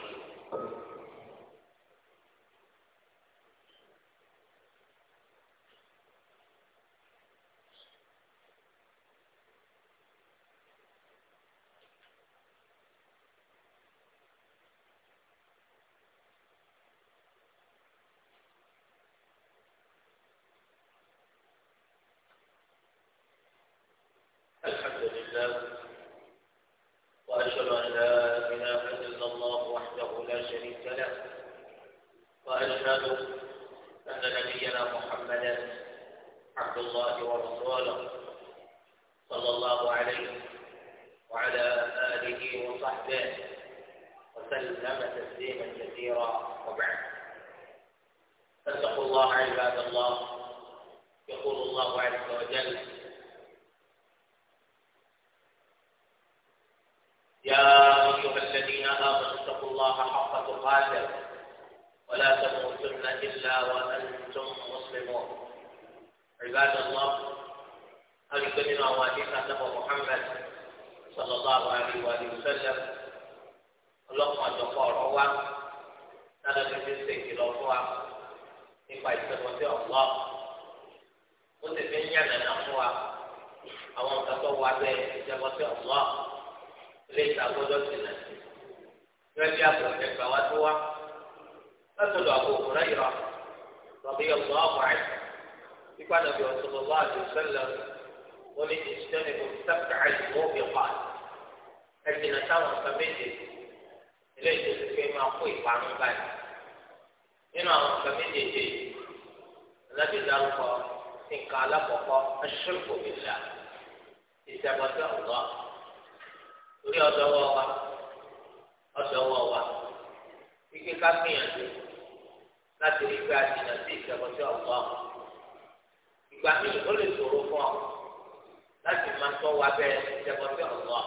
nípa ìṣẹ̀wọ̀n sí ọ̀pọ̀ ó sì fi ń yàn nàná fún wa àwọn nǹkan tó wà bẹ ìṣẹ̀wọ̀n sí ọ̀pọ̀ ilé ìtàgbọ́dọ̀ sí nà sí bẹ́ẹ̀ bí àbọ̀ ẹgbà wá tó wá látọ̀dọ̀ àbò òkúra yọ rọ̀bí ọ̀pọ̀ ọ̀pọ̀ ẹ̀ nípa nàbí ọ̀sọ̀rọ̀ wá àti ìṣẹ̀lẹ̀ wọn ní ìṣẹ̀lẹ̀ kò sábà àìsàn òbí pa ẹ̀jìnà nínú àwọn nǹkan méjèèjì nàbí ìdárúkọ nǹkan alákọ̀ọ́kọ́ aṣọ́kò ìlà ìṣàkọsí ọ̀gá
orí ọ̀dọ́wọ́ wa
ọ̀dọ́wọ́ wa kíkẹ́ ká gbìyànjú láti rí pé a jìnnà sí ìṣàkọsí ọ̀gá ìgbà míì ó lè ṣòro fún ọ láti wa bẹ́ẹ̀ ìṣàkọsí ọ̀gá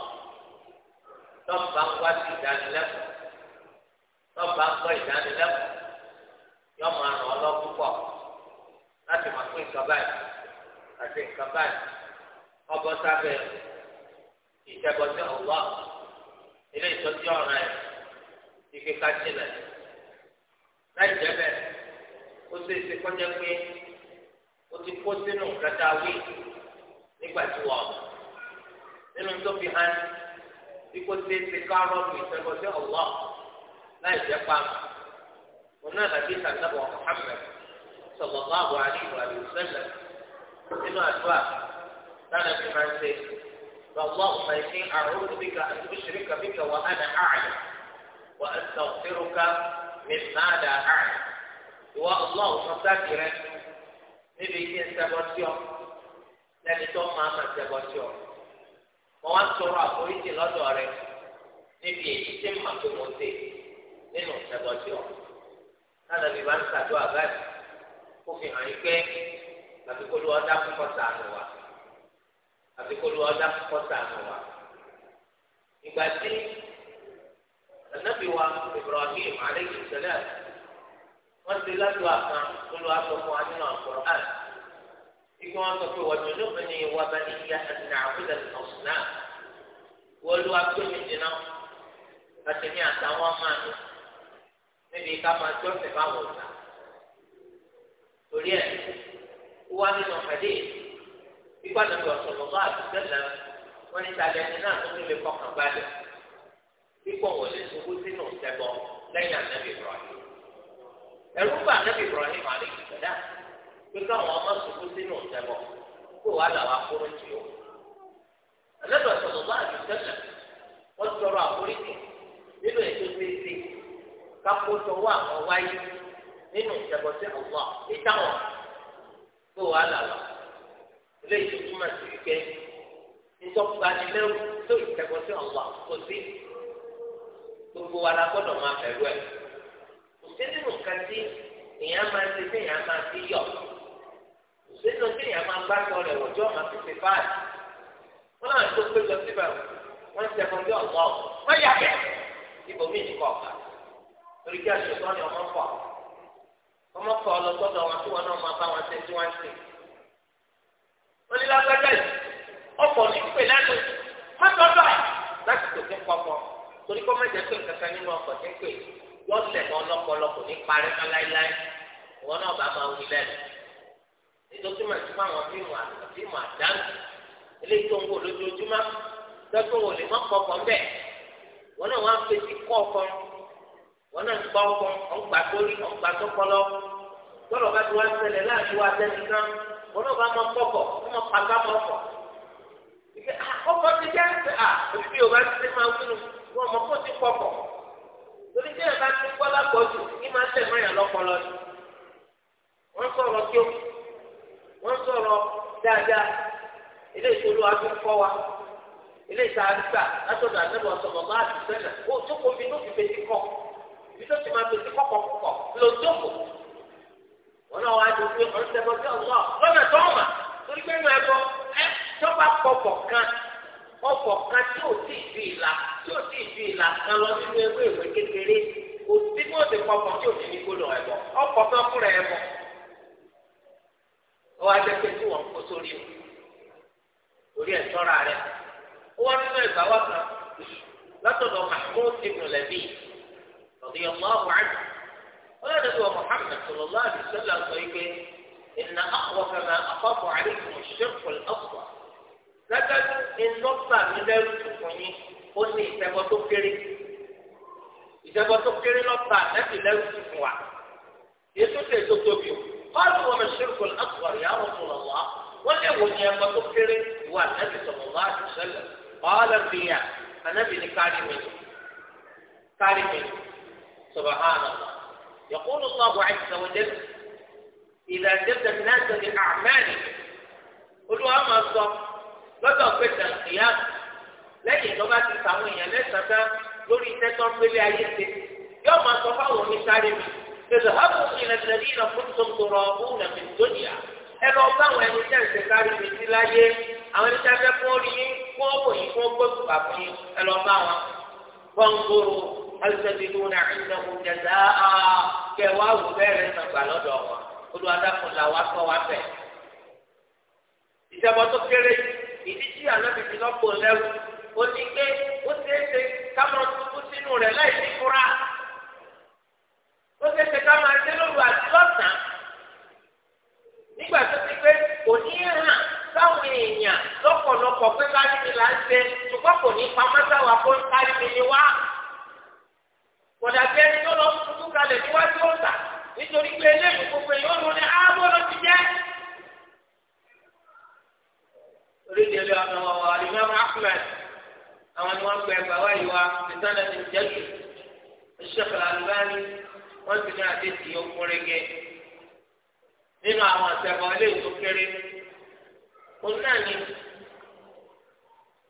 láti mọ̀ pé nǹkan báyìí àti nǹkan báyìí ọbọ̀ sábẹ́ ìṣẹ́bọ̀tẹ́ ọ̀wọ́ ilé ìtọ́jú ọ̀ràn ẹ̀ ike ká jìnà láì jẹ́ bẹ́ẹ̀ ó ṣe é ṣe kọ́jẹ́ pé ó ti kó sínú nǹkan tá a wí nígbà tí wọ́n
nínú tó fi hàn
bí kò ṣe é ṣe kárọ̀ọ̀tù ìṣẹ́bọ̀tẹ́ ọ̀wọ́ láì jẹ́ pàmò òun náà làbí ìtàn náà wọ̀ Muhammad sallallahu alaihi wa sallam nínú àdúrà lánàá fi máa ń ṣe اللهم إني أعوذ بك أن أشرك بك وأنا أعلم وأستغفرك مما لا أعلم ìwọ ọlọ́run fún sáàkì rẹ níbi ilé ìṣẹ́bọ̀tì ọ lẹ́ni tó máa ma ṣẹ́bọ̀tì ọ. wọ́n wá sọ̀rọ̀ àforíjì lọ́dọ̀ rẹ níbi èyí tí màá tó mọ̀ ṣe nínú ìṣẹ́bọ̀tì ọ. lánàá bí bá ń ṣàdó àbáyé ó fi hàn yín pé àfikún lu ọdá kọ́kọ́ sànù wa àfikún lu ọdá kọ́kọ́ sànù wa ìgbà tí anabi wa ibrahim aleyhi salam wọn ti lásìkò àkàn olú asọfún wa nínú àkùrán ibi wọn sọ pé wọjú lóbi ni wà bá ní ìyá àtìní àkúdà ọ̀sùnà wọ́n lu agbẹ́mi jìnnà àtẹ̀mí àtàwọn máa ní níbi ká máa tó ọ̀sẹ̀ báwọn ọ̀sán torí ẹ̀ wá nínú ọ̀fẹ́dé pípa nàbí ọ̀sọ̀rọ̀ bá àdúgbẹ́lẹ̀ wọn ní tàlẹ́tì náà tó tún lè fọkàn balẹ̀ pípọ̀ wọ̀ lè sọ́kú sínú ìtẹ́bọ lẹ́yìn ànábì Ibrahim ẹ̀rú bá ànábì Ibrahim àlè ìgbẹ́dá pípa àwọn ọmọ sọ́kú sínú ìtẹ́bọ kó wàá làwọn akóró ti o ànábì ọ̀sọ̀rọ̀ bá àdúgbẹ́lẹ̀ wọ́n tọrọ àforíkì nínú ètò ìgbésí kápótọ́ wà wọ́n wáyé nínú ìṣẹ̀bọ̀sẹ̀ ọ̀wọ́ ìtàwọn tó wà lálọ́ ilé ìtútúmọ̀ sí ike ìtọ́gbanilẹ́wò tó ìṣẹ̀bọ̀sẹ̀ ọ̀wọ́ kò sí gbogbo wa la gbọ́dọ̀ máa bẹ̀rù ẹ̀ kò sí nínú nǹkan tí èèyàn máa ń ṣe tí èèyàn máa fi yọ̀ kò sí nínú tí èèyàn máa ń gbàgbọ́ rẹ̀ wọ̀jọ́ máa fi fi fáàlì wọn náà tó péjọ síbẹ̀ wọ́n ń ṣẹ̀bọ̀sẹ̀ ọ̀wọ́ wọ́n yà bẹ̀ ibòmíì ní kọ̀ọ̀kan àṣetọ́ ni ọmọ pọ̀ ọmọ kọ ọlọsọdọ wọn tí wọn náà máa bá wọn ṣe tí wọn ṣe onílágbájá yìí ọkọ ní pè lẹ́nu mọtọdọ yìí láti tòkè pọpọ torí kọ́ mẹ́jẹ pé kankan nínú ọkọ̀ tí ń pè wọ́n lẹ̀ mọ́ ọlọ́pọ̀lọpọ̀ ní parẹ́ kan láíláí wọn náà bá máa wí lẹ́nu ètò tí màá ti fún àwọn fíìmù àfíìmù àdánù eléyìí tó ń wò lójoojúmọ́ dọ́gbọ́n wò lè mọ́ kọ́kọ́ ń bẹ̀ wọn náà wá ń kọ́ ọkọ wọn náà ti gbọ́ ọkọ ọgbà torí ọgbà tó kọlọ gbọ́dọ̀ bá ti wá ṣẹlẹ̀ láti wá sẹ́ni kan wọn náà bá mọ kọkọ wọn mọ pàtà mọ ọkọ ọkọ ti jẹ ẹsẹ à òbí ò bá ti ṣe máa wúlò wọn mọ kó ti kọkọ torí bí ẹ bá ti kọ́ lápọ̀jù kí máa tẹ̀ mọ́ yàn lọ́pọlọ ni wọ́n sọ̀rọ̀ kí o wọ́n sọ̀rọ̀ dáadáa ilé ìṣòro adúgbò wa ilé ìta àdúgbà látọ̀dọ̀ àdébọ̀ sọ̀rọ̀ bá àdúgbò náà ó tó kó fi lófin nítorí tí máa tòṣì kọkọ kọkọ ló dóko wọn náà wá di pé ọ̀n tẹ́gbọ́n sí ọ̀gbọ́n lọ́nà tó ọ̀mà torí pé nínú ẹ̀kọ́ ẹ tọ́ba kọkọ kan ọkọ̀ kan tí ò tí ì fi ìlà tí ò tí ì fi ìlà kan lọ nínú ewé ìwé kékeré kò sí bí ó ti kọkọ tí ò fi ní gbódò ẹ̀bọ̀ ọkọ̀ kan fúnra ẹ̀bọ̀ ó wá jẹ́ pé tí wọ́n kó sórí o torí ẹ̀ tọ́ra rẹ̀ ó wá nínú ìgbà wá kan látọ̀dọ̀ mahmood ibn lẹ́bíyì. رضي الله عنه ولا نبي محمد صلى الله عليه وسلم طيب إن أقوى ما أخاف عليكم الشرك الأصغر لكن إن نصب من ذلك كوني كوني سبتكري سبتكري نصب نبي ذلك كوا يسوس يسوس قال وما الشرك الاصغر يا رسول الله والأول يا مذكر هو النبي صلى الله عليه وسلم قال الرياء النبي كريم كريم سبحان الله يقول الله عز وجل إذا جد الناس بأعمالهم قلوا أما الصف lọ́dọ̀ pẹ̀sẹ̀ ìyá lẹ́yìn tó bá ti sàwọn èèyàn lẹ́sàtà lórí iṣẹ́ tó ń gbélé ayé ṣe yóò máa sọ fáwọn oníṣàrí mi tẹ̀sán hábù ìrẹsẹ̀lì ìlà fúnṣọ́ tọrọ ọ̀hún ẹ̀mí tóníà ẹ lọ bá àwọn ẹni tẹ́ ń ṣe kárí mi sí láyé àwọn ẹni tẹ́ fẹ́ fún orí yín fún ọ̀pọ̀ yín fún ọgbọ́n tó bá fún yín ẹ lọ bá wọn. wọ́n ń gbòòrò alùpàdínlùmí àìsàn jẹ̀dá kẹwàá wù bẹ́ẹ̀rẹ̀ nàgbà lọ́dọ̀ wọn olùwàdàkùn làwọn akọ wa bẹ̀. ìjọba tó kéré ìdí tí ànábì ti lọ́pọ̀ lẹ́rù ó ní pé ó ṣeéṣe kámọ́ tuntun sínú rẹ̀ láì ní kúrà ó ṣeéṣe kámọ́ ẹgbẹ́ lóru àti lọ́sàn-án nígbà tó ti pé kò ní hàn sáwọn èèyàn lọ́pọ̀lọpọ̀ pé bá níbi là ń ṣe ṣùgbọ́n kò ní pamọ́ sáwọn akó mi ni wá kódà bí ẹni tó lọ tutù kalẹ̀ níwájú ọ̀tà nítorí pé eléyìí gbogbo èèyàn ló ní ààbò lọ ti jẹ́. oríṣiríṣi àwọn ọmọ alimami ahmed àwọn ni wọn gbẹ ẹgbẹ wa yìí wa ìtànà ti jẹbi ìṣèkè alùbáni wọn ti ní àdéhùn ọkùnrin gẹ nínú àwọn àtẹkọ eléyìí tó kéré òun náà ni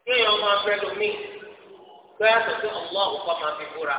kéèyàn máa fẹ́ lómi pé àtọ̀tún ọ̀gbọ́n òkú máa fi búra.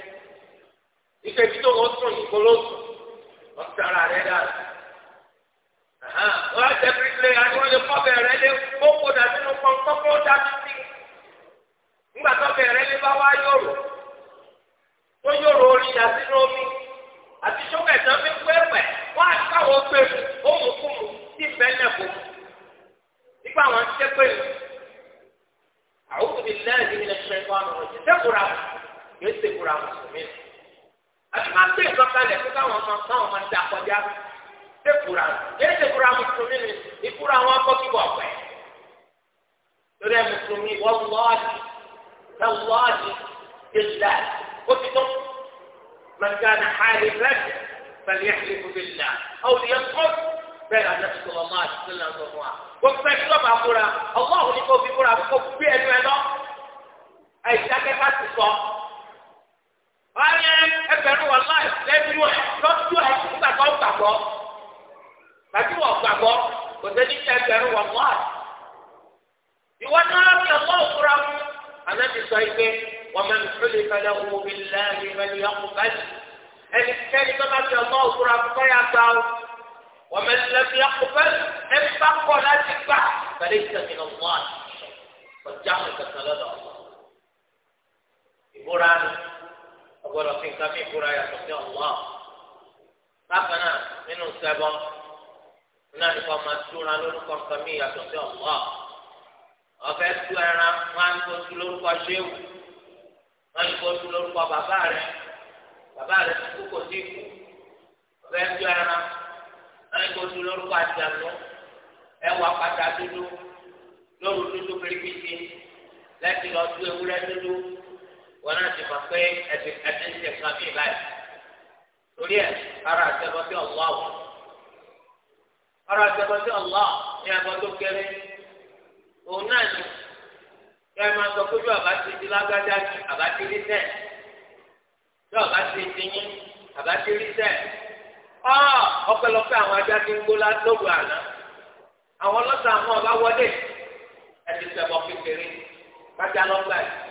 ìfẹ̀bí tó wọ́n sùn yìí kólóòsùn wọ́n tara rẹ̀ dára. wọ́n á jẹ́ pírísìlẹ̀ àti wọ́n lè lé kókó dàbí inú pọ́n kókó dàbí sí. nígbà tó bẹ̀rẹ̀ lé bá wá yòrò tó yòrò orí dàbí inú omi àti sókè tán fi pẹ́pẹ́ wọ́n á káwọ́ pẹ̀lú òmùkùmù tí bẹ́ẹ̀ nígbà wọn ti tẹ́pẹ́ lọ àwọn òbí lẹ́yìn ní ẹ̀ṣẹ̀ ìfọ̀nà ọ̀jẹ̀ tẹ́kùrà yóò tẹ́kùrà mùsùlùmí àti máa gbé nǹkan kalẹ̀ pé káwọn ọmọ káwọn ọmọ ti àkọjá ṣé kura yéé ṣe kura mùsùlùmí ni ìkura wọn kọ́ kí wọ́n pẹ́ lórí ẹ̀ mùsùlùmí wọ́n wọ́ọ̀dì wọ́n wọ́ọ̀dì ìlà ó ti tó mẹ̀kánà hàlì rẹ̀ pẹ̀lú ẹ̀kí ìfúbi ìlà ọ̀hún yẹn kọ́ bẹ́ẹ̀ la nẹ́sì sọ̀rọ̀ máa ti sílẹ̀ ń wa gbogbo wọ́n yẹ ẹgbẹ̀rún wọn láì lẹ́nu ẹ̀ lọ́dún ẹ̀ gbàgbọ́ gbàgbọ́ tàbí wọ́n gbàgbọ́ kò sẹ́ni tẹ ẹgbẹ̀rún wọn láì. ìwọ náà fi ọmọ òkúra mu ànábi sọ pé wọ́n mẹ́nu tó lè fẹ́lẹ́ owó mi lẹ́yìn mẹ́nu yẹn kú báyìí. ẹnikẹ́ni tó bá fi ọmọ òkúra mu kọ́ ya gbà ó wọ́n mẹ́nu lẹ́nu ìbúra mi gbọ́dọ̀ fi nǹkan mìíràn búra yàtọ̀ sí Allah bákan náà nínú sẹbọ
nínú àdìpọ̀ máa túra
lórúkọ nǹkan mìíràn yàtọ̀ sí Allah ọ̀fẹ́ tú ẹran máa ń tó tú lórúkọ ṣéwù máa ń tó tú lórúkọ bàbá rẹ bàbá rẹ ti kú kò sí kú ọ̀fẹ́ tú ẹran máa ń tó tú lórúkọ àjànú ẹwà pàtàkì dúdú lóru dúdú pérépìtì lẹ́tì lọ́ọ́ tú ewúrẹ́ dúdú. wọn náà ti pé ẹtì ẹtì ń tẹ̀sán àbí ìbáyìí torí ẹ ara àtẹ̀bọ̀ sí ọ̀lá o ara àtẹ̀bọ̀ sí ọ̀lá ní ẹ̀bọ̀ tó kéré òun náà ni kẹ́ ẹ máa sọ pé bí ti di lágbájá ni rí ti yín rí ọ àwọn ajá ti ń gbó àná àwọn ọlọ́sàn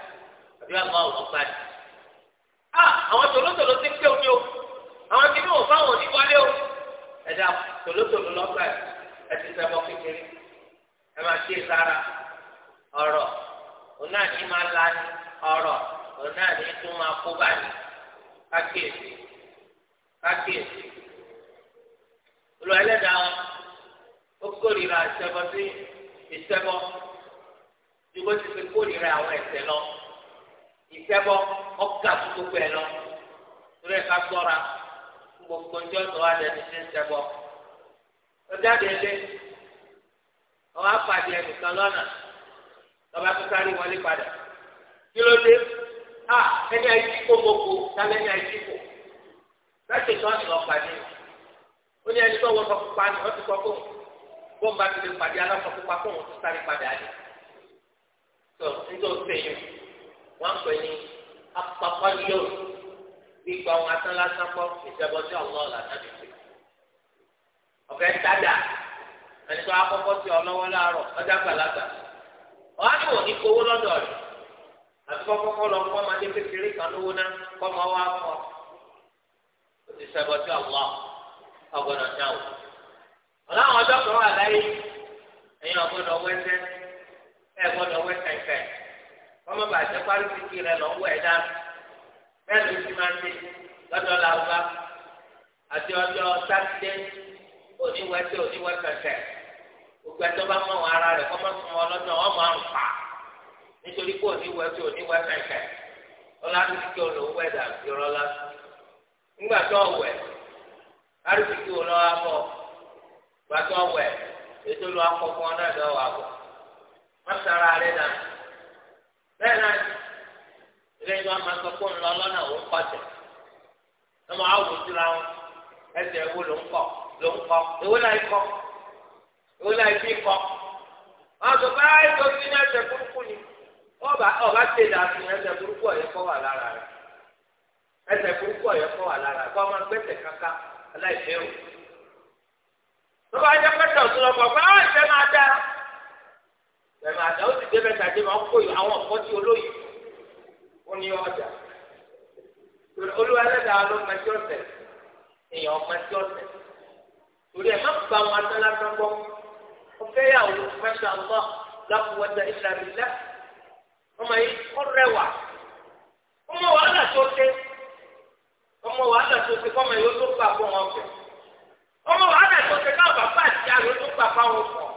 yóò àwọn àwọn ọgbà yìí. a àwọn tòlótòló ti pé omi o àwọn kìíní ò fáwọn oníwọlé o ẹ̀dá tòlótòló lọ́gbà yìí ẹ ti sẹ́mọ kékeré ẹ máa ṣe sára ọ̀rọ̀ òun náà ní máa la ní ọ̀rọ̀ òun náà ní tún máa kó báyìí kákìyèsí kákìyèsí olú ẹlẹ́dàá wọn ó kórìíra ìṣẹ́bọ sí ìṣẹ́bọ ju bó ti fi kórìíra àwọn ẹ̀ṣẹ̀ lọ. ìfẹ́bọ ọ̀gá tó gbogbo ẹ̀ lọ torí ẹ̀ka sọ́ra gbogbo ń jọ́ tọ́ adé ní sẹ́ńtẹ́bọ. ọjàdé ilé ọwọ́ apàdé ẹnìkan lọ́nà lọ́ba tó sáré wọlé padà kí ló dé a ẹni àìsí kó gbogbo ẹni àìsí kó láti tọ́ ni lọ́ọ́ ó ní ẹni tó wọ́n sọ fún pani wọ́n ti sọ fún bọ́ǹbà ti lè pàdé aláṣọ pa fún òun tó sáré padà tó wọ́n pè ní apapọ́líò gbígbà ohun asán lásán pọ̀ ìṣẹ́bọsí ọlọ́ọ̀ làtàbí pé ọ̀fẹ́ tájà ẹni tó akọ́kọ́ sí ọlọ́wọ́ ọjà gbàlagbà ọ̀hán ni wọ́n ní kówó lọ́dọ̀ rẹ̀ àti kọ́kọ́kọ́ lọ fún ọmọdé kékeré ọmọ wa kan wà láyé ọmọ bàjẹ́ pálífìkì rẹ lọ wọ ẹ̀dá bẹ́ẹ̀ ló ti máa ń dé lọ́dọ̀ làwùbá àti ọjọ́ sátidé oníwẹ̀tẹ̀ oníwẹ̀kẹ̀kẹ̀ gbogbo ẹ̀tọ́ bá mọ̀ ara rẹ̀ kọ́ máa fún ọ lọ́dọ̀ wọn máa nítorí pé oníwẹ̀tẹ̀ oníwẹ̀kẹ̀kẹ̀ ọlọ́dúnkìkì olówó ẹ̀dá ìrọ̀lá ńgbà tó ọ̀wẹ̀ pálífìkì olówó abọ́ gbà tó ọ̀wẹ̀ ètò bẹ́ẹ̀ náà ilé ìgbà máa sọ pé ńlọ lọ́nà òun kọ̀tẹ̀ ẹ máa wò síra wọn ẹsẹ̀ ewu ló ń kọ ló ń kọ̀ ewu náà kọ̀ ewu náà bí kọ̀ wọn sọ pé ayé tó ti ní ẹsẹ̀ burúkú ni ọba ọba ṣe ìdásí ẹsẹ̀ burúkú ọ̀yẹ́ kọ́ wà lára rẹ̀ ẹsẹ̀ burúkú ọ̀yẹ́ kọ́ wà lára rẹ̀ kọ́ máa gbẹ́sẹ̀ o. tó bá bẹ̀rẹ̀ àdá ó sì débẹ̀ tàdé máa ń kó àwọn ọ̀pọ̀ tí olóyè ó ní ọjà olúwa ẹlẹ́dàá ló mẹtí ọ̀sẹ̀ èèyàn mẹtí ọ̀sẹ̀ torí ẹ̀ má gba àwọn atẹ́lásán gbọ́ ọ̀fẹ́ yàwó mẹ́ta ọ̀gbọ́ lápúwọ́tà ìlàmìlá ọmọ yìí ọ̀rẹ́wà ọmọ wàhálà tó ṣe ọmọ wàhálà tó ṣe kọ́mọ yìí ó tó pa fún wọn fẹ́ ọmọ wàhálà tó ṣe káwọn bàbá àti àlọ́ tó pa fáwọn fọ́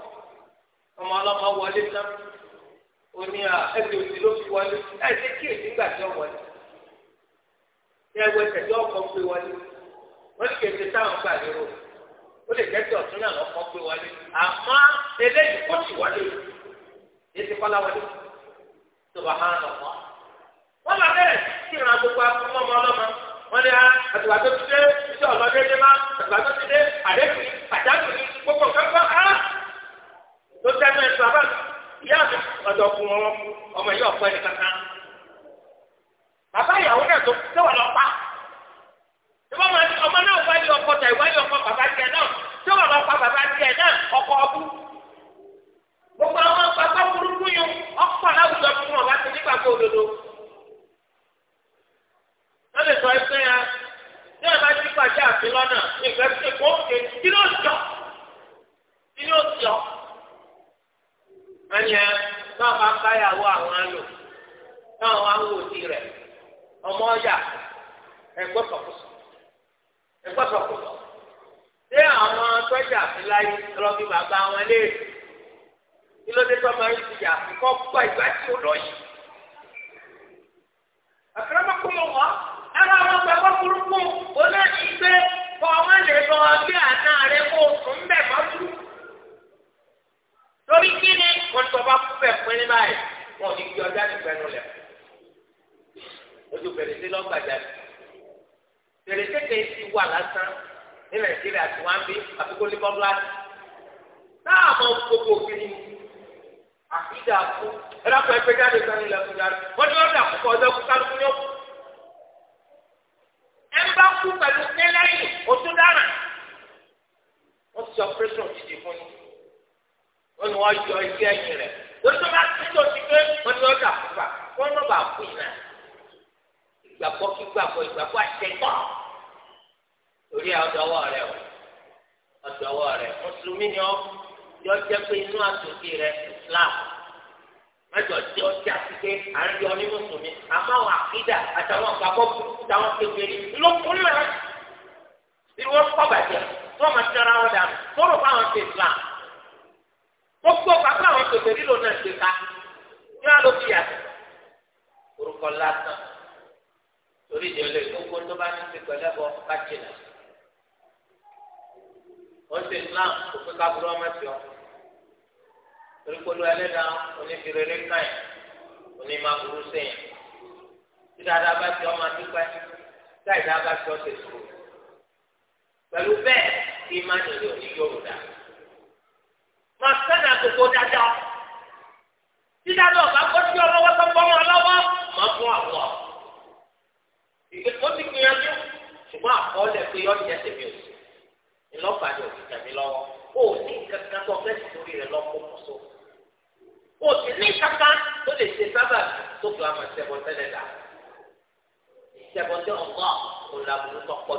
ọmọ ọlọ́mọ wọlé tán oní ẹgbẹ́ òsì ló fi wọlé ẹsẹ̀ kí èyí nígbà tí ó wọlé ẹgbẹ́ ẹsẹ̀ tí ọkọ̀ gbé wọlé wọ́n ní kéde táwọn gbà lérò ó lè tẹ́tí ọ̀tún náà lọ́kọ́ gbé wọlé àmọ́ eléyìí kò sì wọlé èsì kọ́lá wọlé tó bá hàn lọ́kọ́ wọ́n máa bẹ̀rẹ̀ sí ìran gbogbo akọ́mọ́ ọmọ ọlọ́mọ wọ́n ní àtùgbà tó ti dé iṣẹ́ ọ̀lọ́dẹ́dẹ́ má àtùgbà tó ti dé àdékùn àjákùn gbogbo nǹkan kan á tó dáná ẹsùn abá ìyá mi ọ̀dọ̀ kù wọn ọmọ yìí ọ̀pọ̀ ẹni kankan bàbá ìyàwó náà tó tẹ́wọ̀ lọ pa ìwọ ọmọ náà wáyé ọkọ tà ìwáyé ọkọ bàbá tiẹ̀ náà tẹ́wọ̀ lọ pa bàbá tiẹ̀ náà ọkọ ọbú gbogbo àwọn bàbá burúkú yìí ọkọ aláwùjọ fún ọba ti nígbàgbọ́ òdodo wọ́n sọ ẹgbẹ́ ya ní ọba ti pàṣẹ àfi lọ́nà ìgbẹ́ ti kó kí ló ń jọ kí ló ń jọ. wọn yẹn náà máa ń àwọn àlò náà wọn wò rẹ ọmọ ọjà ẹgbẹ sọkùsọ ẹgbẹ sọkùsọ ṣé àwọn tọjà àfiláyé lọbí bàbá wọn léèrè kí ló dé tó ti yà gbọ́ ìgbà tí ó lọ yìí. ẹ̀rọ àwọn burúkú gbé kọ́ lè lọ bí àná kó torí kí ni wọn tó bá kú bẹ́ẹ̀ pín ní báyìí wọn ò ní gbé ọjà ní pẹ̀lú lẹ̀ ojú fèrèsé lọ́gbàjà fèrèsé kìí ti wà lásán ní nàìjíríà tí wọ́n á bí àfikún ní bọ́ọ̀lù àti náà mọ gbogbo òkè ni àfíjà kú ẹ dákun ẹgbẹ́ jáde sanni lẹ́kọ̀ọ́. lẹ́yìn rẹ̀ wọ́n tó bá ti tó ti pé wọ́n ti ọ̀dà fúnpa wọ́n náà bá fún iná ìgbàgbọ́ kí gbàgbọ́ ìgbàgbọ́ àṣetọ́ torí ọ̀dọ́wọ́ rẹ̀ ọ̀dọ́wọ́ rẹ̀ mùsùlùmí ni ọ́ yọ jẹ́ pé inú àtòkè rẹ̀ Islam mẹjọ tí ó ti àtike àríyọ ní mùsùlùmí àmọ́ àwọn àkídà àtàwọn àgbàgbọ́ táwọn kékeré ló kún lẹ́rẹ́ bí wọ́n kọ́ bàjẹ́ tí wọ́n máa tẹ́ra wọn tó rò fáwọn ti Islam gbogbo kẹfẹ́ lílo náà ṣe ká ní àlọ́ fi yàtọ̀ orúkọ lásán torí ìdílé gbogbo tó bá ní ti pẹ̀lẹ́ bọ́ ká jìnà
ó sì Islam kò pé ká burú ọmọ sí
ọ torí pẹ̀lú ẹlẹ́dàá onífìrèrè káyìn onímọ̀ burú sẹ́yìn tí dáadáa bá ti ọmọ àdúpẹ́ táì dáa bá ti ọ pẹ̀lú bẹ́ẹ̀ ìmánìlẹ̀ òní yóò dáa máa sẹ́nà gbogbo dáadáa dídáadọ́ ọ̀gá gbọ́ sí ọlọ́wọ́ tó bọ́ mọ́ ọlọ́wọ́ máa fún àwọ̀ ìgbésó ti gbìyànjú ṣùgbọ́n àkọọ́lẹ̀ pé yọ jẹ́ tèmi òsì ìlọ́pàdé òsì tẹ̀mí lọ́wọ́ ó ní kankan tó fẹ́ sì torí rẹ̀ lọ́kọ́ mọ́sọ́ ó sì ní kankan tó lè ṣe sábà tó fi àmọ̀ ìṣẹ̀bọ̀ tẹ́lẹ̀ dà ìṣẹ̀bọ̀ ọ̀gá òun tó pọ̀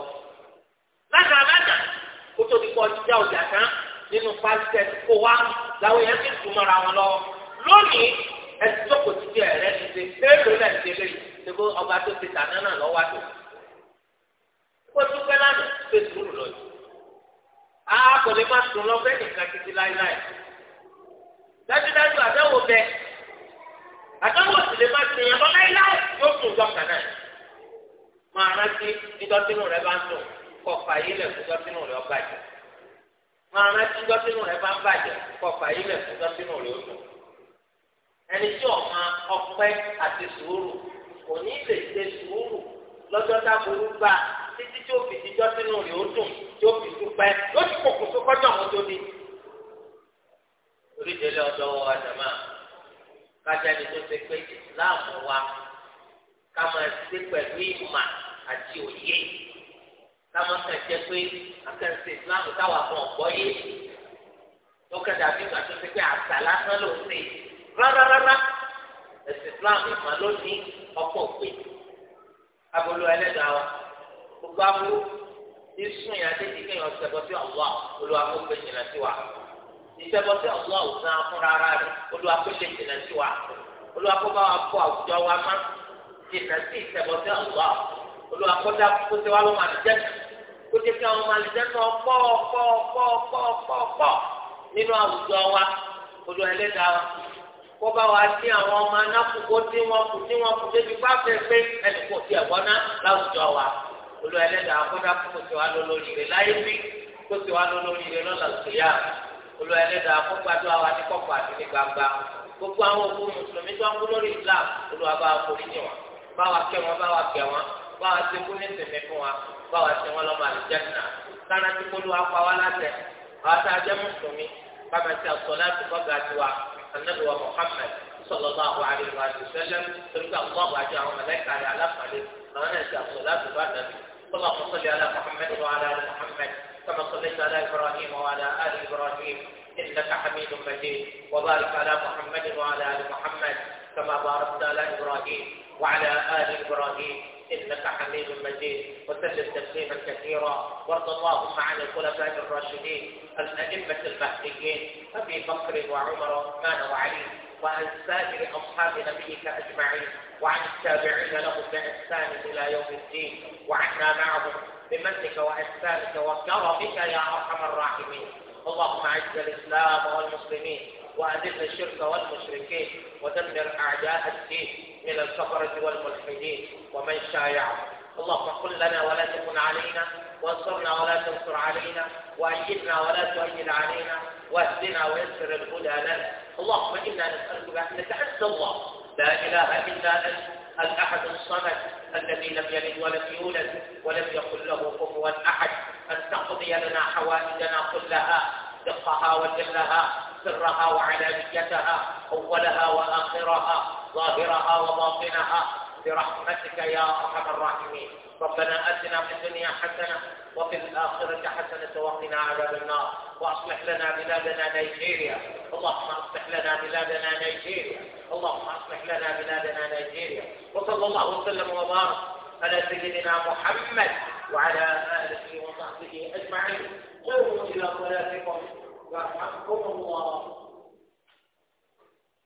di pọ̀ jíjà ọjà nínú pásítẹ̀ kó wá làwọn èèyàn ti dùn mọ́ra wọn lọ. lónìí ẹsẹ̀ tó kò ti di ẹ̀rẹ́ ti ṣe èèlò náà ti lè ṣe kó ọba tó ti tàná náà lọ́wọ́ àtò. kó tún pẹ́ lánàá ṣe sùúrù lọ yìí. a kò lè má sùn lọ bẹ́ẹ̀ nìkan títí láéláé. dájúdájú àdáwò bẹ àdáwò sì lè má sùn yẹn lọ láéláé yóò sùn dọ́kà náà. máa rántí nítorí nínú rẹ bá ń sùn kọ̀ máa rántí dọ́sínú rẹ bá ń bàjẹ́ kọ fàyè lẹ̀ fún dọ́sínú rẹ ó dùn ẹni tí ọ̀ma ọpẹ́ àti sùúrù kò ní lè ṣe sùúrù lọ́jọ́ dáburú gbà títí tí ó fi di dọ́sínú rẹ ó dùn tí ó fi dúpẹ́ lójú kòkò tó kọjọ́ àwọn tó ní. oríṣiríṣi ọ̀dọ́ àjàmá kájà ni tó ṣe pé ìsìláàmù wa ká máa ṣe pẹ̀lú ìmọ̀ àti òye táwọn kan jẹ pé akẹ́sì islam táwọn kan ọ̀gbọ́ yé ó kẹ́ta bí ìgbà tó ti pé àṣà lásán ló ń ṣe rárárárá ẹ̀sìn islam ìmọ̀ ló ní ọkọ̀ òpè abolo ẹlẹ́dàá wa gbogbo aburú ní sùn yà dé ìdíkẹ́ yẹn ọ̀sẹ̀ bọ́ sí ọ̀wá olùwàkókò jìnnà sí wa ìṣẹ́bọ́ sí ọ̀wá òsán fúnra rẹ̀ olùwàkókò jìnnà sí wa olùwàkókò wa kó àwùjọ wa má jìnnà sí ìṣẹ́bọ́ sí ọ̀wá olùwàkókò dákú kó sí ló máa jẹ́ kó jẹ́ kí àwọn ọmọ àlùjẹ́ náà pọ̀ pọ̀ pọ̀ pọ̀ pọ̀ pọ̀ nínú àwùjọ wa olú ẹlẹ́dàá wa kó bá wa dín àwọn ọmọ anáfù kó dín wọn kù dín wọn kù débi bá fẹ́ pé ẹnì kò tiẹ̀ gbọ́ná láwùjọ wa olú ẹlẹ́dàá kọ́dá kó ti wá lólórí rẹ̀ láyé bí kó ti wá lólórí rẹ̀ lọ́la òkèèyà olú ẹlẹ́dàá kó gbàdúrà wa ní kọ̀kọ̀ àti ní gbangba gbogbo àwọn òkú mùsùlùmí tó ń kú lórí Islam olú wa bá wa forí jì wọn bá wa kẹ́ wọn bá wa kẹ́ wọn bá wa ṣe ní sèmí fún wa báwa ṣe wọn lọ́mọ àlùjẹ́nà sára tí kó ló wá pa wá láṣẹ àwọn tá a jẹ́ mùsùlùmí bàbá tí a sọ láti bọ́ ga tiwa anabi wa Muhammad sọlọ bá wà á lè wà lè sẹlẹ torí pé àwọn àwọn àti àwọn mẹlẹka rẹ aláfàlẹ àwọn náà ti àṣọ láti bá dàbí sọlọ àkọsọlẹ alá Muhammad wà á lè Muhammad kama sọlẹ ní alá Ibrahim wà á lè Ibrahim إنك حميد مجيد وبارك على محمد وعلى آل محمد كما باركت على إبراهيم وعلى آل إبراهيم إنك حميد مجيد وسلم تسليما كثيرا وارض اللهم عن الخلفاء الراشدين الأئمة المهديين أبي بكر وعمر وعثمان وعلي وعن سائر أصحاب نبيك أجمعين وعن التابعين لهم بإحسان إلى يوم الدين وعنا معهم بمنك وإحسانك وكرمك يا أرحم الراحمين اللهم أعز الإسلام والمسلمين وأذل الشرك والمشركين ودمر أعداء الدين من الكفرة والملحدين ومن شايعهم اللهم قل لنا ولا تكن علينا وانصرنا ولا تنصر علينا وأيدنا ولا تؤيد علينا واهدنا ويسر الهدى لنا اللهم إنا نسألك بأن نتعدى الله لا إله إلا أنت الأحد الصمد الذي لم يلد ولم يولد ولم يكن له كفوا أحد أن تقضي لنا حوائجنا كلها دقها وجلها سرها وعلانيتها أولها وآخرها ظاهرها وباطنها برحمتك يا أرحم الراحمين ربنا أتنا في الدنيا حسنة وفي الآخرة حسنة وقنا عذاب النار وأصلح لنا بلادنا نيجيريا اللهم أصلح لنا بلادنا نيجيريا اللهم أصلح لنا بلادنا نيجيريا وصلى الله وسلم وبارك على سيدنا محمد وعلى آله وصحبه أجمعين قوموا إلى صلاتكم وارحمكم
الله